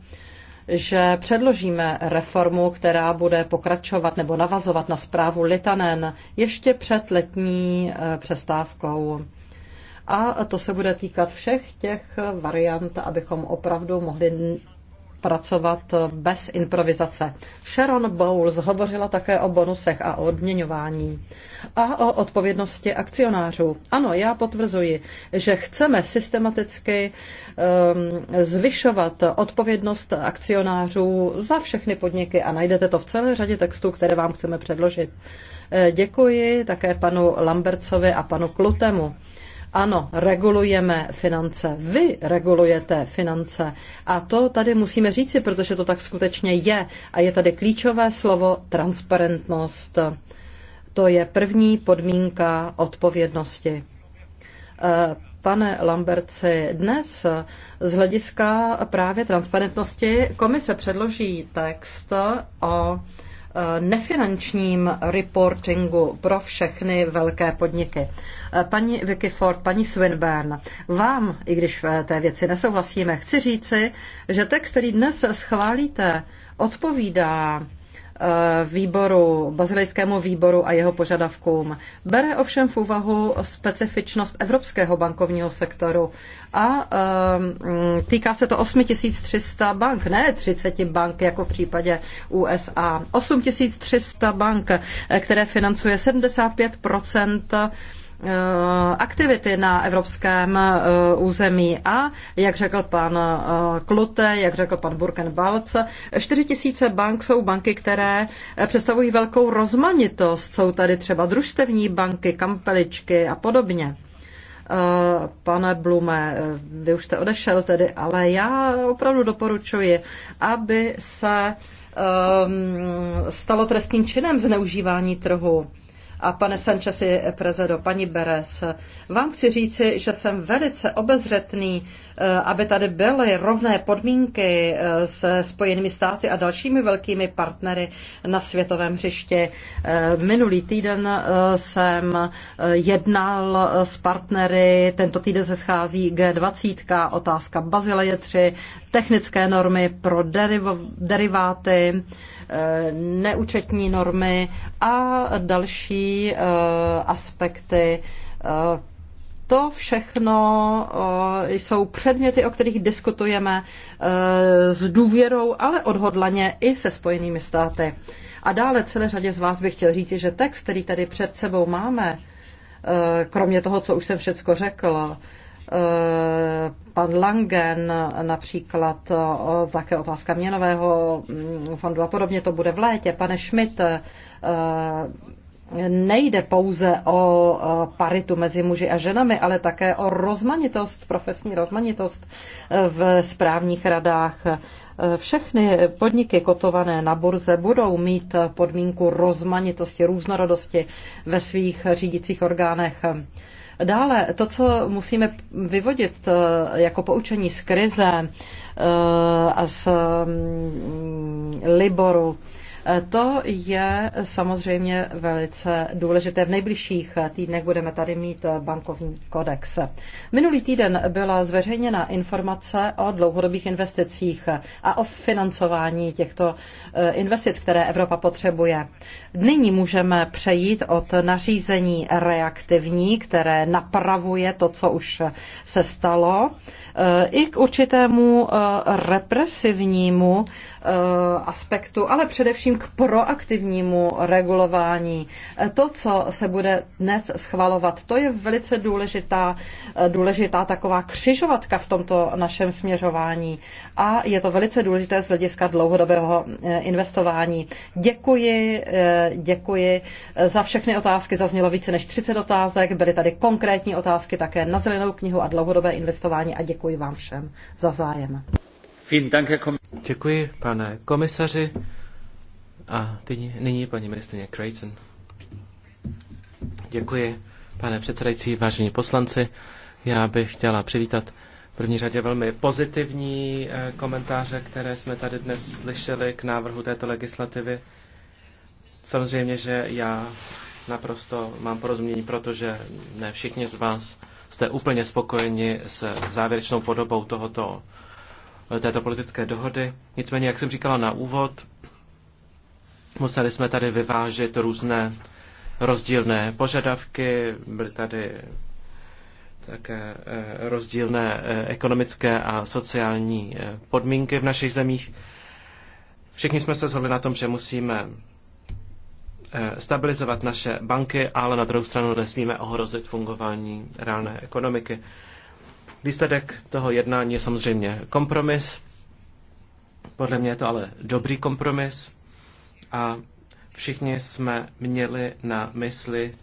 že předložíme reformu, která bude pokračovat nebo navazovat na zprávu Litanen ještě před letní eh, přestávkou. A to se bude týkat všech těch variant, abychom opravdu mohli pracovat bez improvizace. Sharon Bowles hovořila také o bonusech a o odměňování a o odpovědnosti akcionářů. Ano, já potvrzuji, že chceme systematicky um, zvyšovat odpovědnost akcionářů za všechny podniky a najdete to v celé řadě textů, které vám chceme předložit. Eh, děkuji také panu Lambercovi a panu Klutemu. Ano, regulujeme finance, vy regulujete finance a to tady musíme říci, protože to tak skutečně je a je tady klíčové slovo transparentnost. To je první podmínka odpovědnosti. Eh, pane Lamberci, dnes z hlediska právě transparentnosti komise předloží text o Eh, nefinančním reportingu pro všechny velké podniky. Eh, paní Vicky Ford, paní Swinburne, vám, i když v té věci nesouhlasíme, chci říci, že text, který dnes schválíte, odpovídá Eh, výboru, bazilejskému výboru a jeho požadavkům. Bere ovšem v úvahu specifičnost evropského bankovního sektoru a eh, týká se to 8300 bank, ne 30 bank, jako v případě USA. 8300 bank, eh, které financuje 75 Eh, aktivity na evropském eh, území a, jak řekl pan eh, Klute, jak řekl pan Burkenbalc, 4 tisíce bank jsou banky, které představují velkou rozmanitost. Jsou tady třeba družstevní banky, kampeličky a podobně. Pane Blume, vy už jste odešel tedy, ale já opravdu doporučuji, aby se ehm, stalo trestným činem zneužívání trhu a pane Sančasi Prezedo, paní Beres, vám chci říci, že jsem velice obezřetný, eh, aby tady byly rovné podmínky eh, se Spojenými státy a dalšími velkými partnery na světovém hřišti. Eh, minulý týden jsem jednal s partnery, tento týden se schází G20, otázka Bazileje 3, technické normy pro derivo, deriváty, Eh, neúčetní normy a další eh, aspekty. Eh, to všechno jsou předměty, o kterých diskutujeme s důvěrou, ale odhodlaně i se Spojenými státy. A dále celé řadě z vás bych chtěl říct, že text, který tady před sebou máme, kromě toho, co už jsem všecko řekl, Eh, pan Langen, například eh, také otázka měnového mm, fondu a podobně, to bude v létě. Pane Schmidt, eh, nejde pouze o paritu mezi muži a ženami, ale také o rozmanitost, profesní rozmanitost v správních radách. Všechny podniky kotované na burze budou mít podmínku rozmanitosti, různorodosti ve svých řídicích orgánech. Dále, to, co musíme vyvodit eh, jako poučení z krize eh, a z mm, Liboru, to je samozřejmě velice důležité. V nejbližších týdnech budeme tady mít bankovní kodex. Minulý týden byla zveřejněna informace o dlouhodobých investicích a o financování těchto eh, investic, které Evropa potřebuje. Nyní můžeme přejít od nařízení reaktivní, které napravuje to, co už se stalo, Eh, i k určitému eh, represivnímu eh, aspektu, ale především k proaktivnímu regulování. To, co se bude dnes schvalovat, to je velice důležitá, důležitá taková křižovatka v tomto našem směřování a je to velice důležité z hlediska dlouhodobého investování. Děkuji, děkuji za všechny otázky, zaznělo více než 30 otázek, byly tady konkrétní otázky také na zelenou knihu a dlouhodobé investování a děkuji děkuji vám všem za zájem. Děkuji, pane komisaři. A teď, nyní paní ministrině Creighton. Děkuji, pane předsedající, vážení poslanci. Já bych chtěla přivítat v první řadě velmi pozitivní eh, komentáře, které jsme tady dnes slyšeli k návrhu této legislativy. Samozřejmě, že já naprosto mám porozumění, protože ne všichni z vás jste úplně spokojeni s závěrečnou podobou tohoto, této politické dohody. Nicméně, jak jsem říkala na úvod, museli jsme tady vyvážit různé rozdílné požadavky, byly tady také eh, rozdílné eh, ekonomické a sociální eh, podmínky v našich zemích. Všichni jsme se zhodli na tom, že musíme Eh, stabilizovat naše banky, ale na druhou stranu nesmíme ohrozit fungování reálné ekonomiky. Výsledek toho jednání je samozřejmě kompromis. Podle mě je to ale dobrý kompromis. A všichni jsme měli na mysli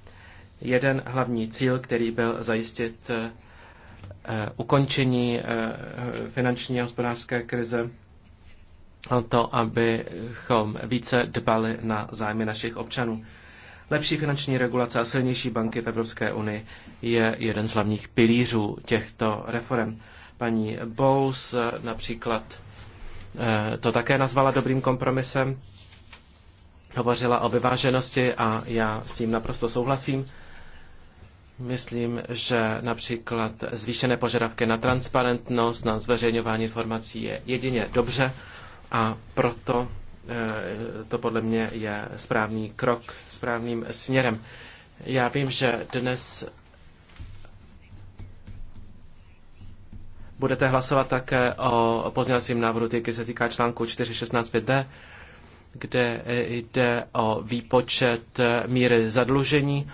jeden hlavní cíl, který byl zajistit eh, eh, ukončení finanční a hospodářské krize o to, abychom více dbali na zájmy našich občanů. Lepší finanční regulace a silnější banky v Evropské unii je jeden z hlavních pilířů těchto reform. Paní Bous například eh, to také nazvala dobrým kompromisem. Hovořila o vyváženosti a já s tím naprosto souhlasím. Myslím, že například zvýšené požadavky na transparentnost, na zveřejňování informací je jedině dobře a proto eh, to podle mě je správný krok správným směrem. Já vím, že dnes budete hlasovat také o pozměňovacím návrhu, který se týká článku 4.16.5d, kde jde o výpočet míry zadlužení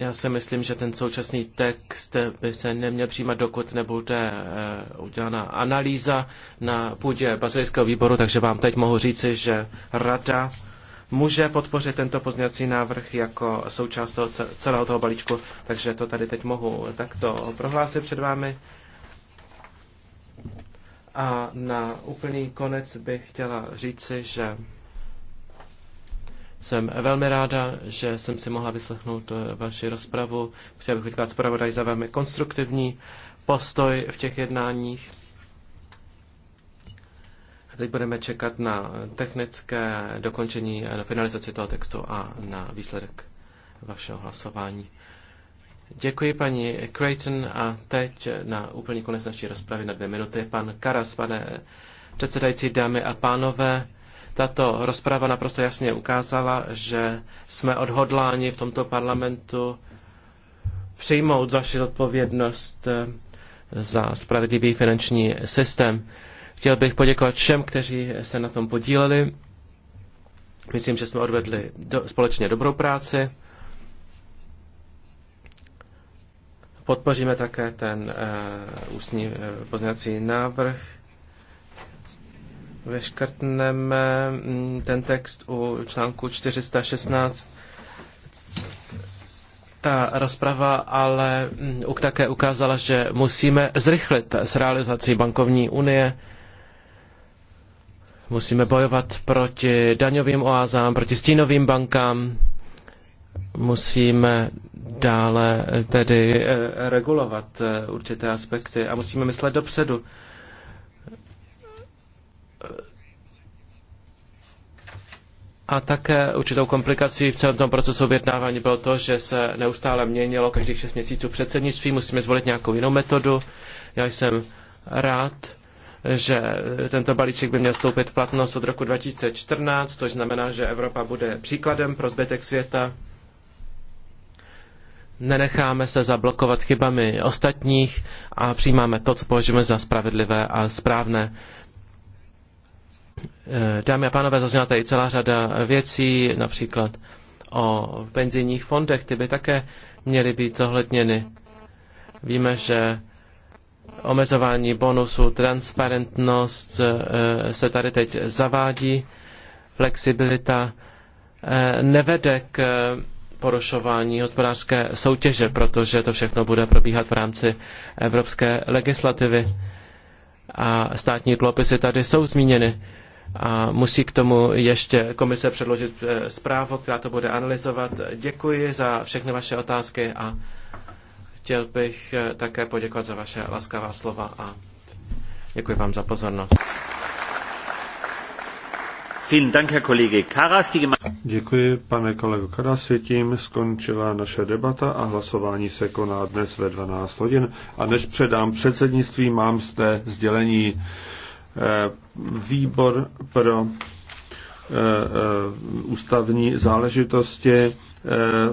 Já si myslím, že ten současný text by se neměl přijímat, dokud nebude eh, udělána analýza na půdě bazilického výboru, takže vám teď mohu říci, že rada může podpořit tento pozměňovací návrh jako součást toho celého toho balíčku, takže to tady teď mohu takto prohlásit před vámi. A na úplný konec bych chtěla říci, že jsem velmi ráda, že jsem si mohla vyslechnout eh, vaši rozpravu. Chtěl bych poděkovat zpravodaj za velmi konstruktivní postoj v těch jednáních. A teď budeme čekat na technické dokončení, eh, na finalizaci toho textu a na výsledek vašeho hlasování. Děkuji paní Creighton a teď eh, na úplný konec naší rozpravy na dvě minuty. Pan Karas, pane předsedající, dámy a pánové, tato rozprava naprosto jasně ukázala, že jsme odhodláni v tomto parlamentu přijmout vaši odpovědnost eh, za spravedlivý finanční systém. Chtěl bych poděkovat všem, kteří se na tom podíleli. Myslím, že jsme odvedli do, společně dobrou práci. Podpoříme také ten uh, ústní uh, pozměňovací návrh vyškrtneme mm, ten text u článku 416. Ta rozprava ale mm, také ukázala, že musíme zrychlit s realizací bankovní unie. Musíme bojovat proti daňovým oázám, proti stínovým bankám. Musíme dále tedy eh, regulovat eh, určité aspekty a musíme myslet dopředu. A také určitou komplikací v celém tom procesu vyjednávání bylo to, že se neustále měnilo každých šest měsíců předsednictví, musíme zvolit nějakou jinou metodu. Já jsem rád, že tento balíček by měl stoupit v platnost od roku 2014, což znamená, že Evropa bude příkladem pro zbytek světa. Nenecháme se zablokovat chybami ostatních a přijímáme to, co považujeme za spravedlivé a správné. Eh, dámy a pánové, zazněla tady celá řada věcí, například o penzijních fondech, ty by také měly být zohledněny. Víme, že omezování bonusu, transparentnost eh, se tady teď zavádí, flexibilita eh, nevede k porušování hospodářské soutěže, protože to všechno bude probíhat v rámci evropské legislativy. A státní dluhopisy tady jsou zmíněny a musí k tomu ještě komise předložit eh, zprávu, která to bude analyzovat. Děkuji za všechny vaše otázky a chtěl bych eh, také poděkovat za vaše laskavá slova a děkuji vám za pozornost. Děkuji, pane kolego Karasi. Tím skončila naše debata a hlasování se koná dnes ve 12 hodin. A než předám předsednictví, mám zde sdělení výbor pro eh, eh, ústavní záležitosti eh,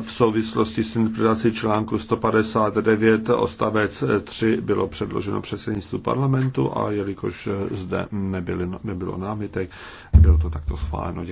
v souvislosti s interpretací článku 159 ostavec 3 bylo předloženo předsednictvu parlamentu a jelikož zde nebyly, nebylo námitek, bylo to takto schváleno. Děkuji.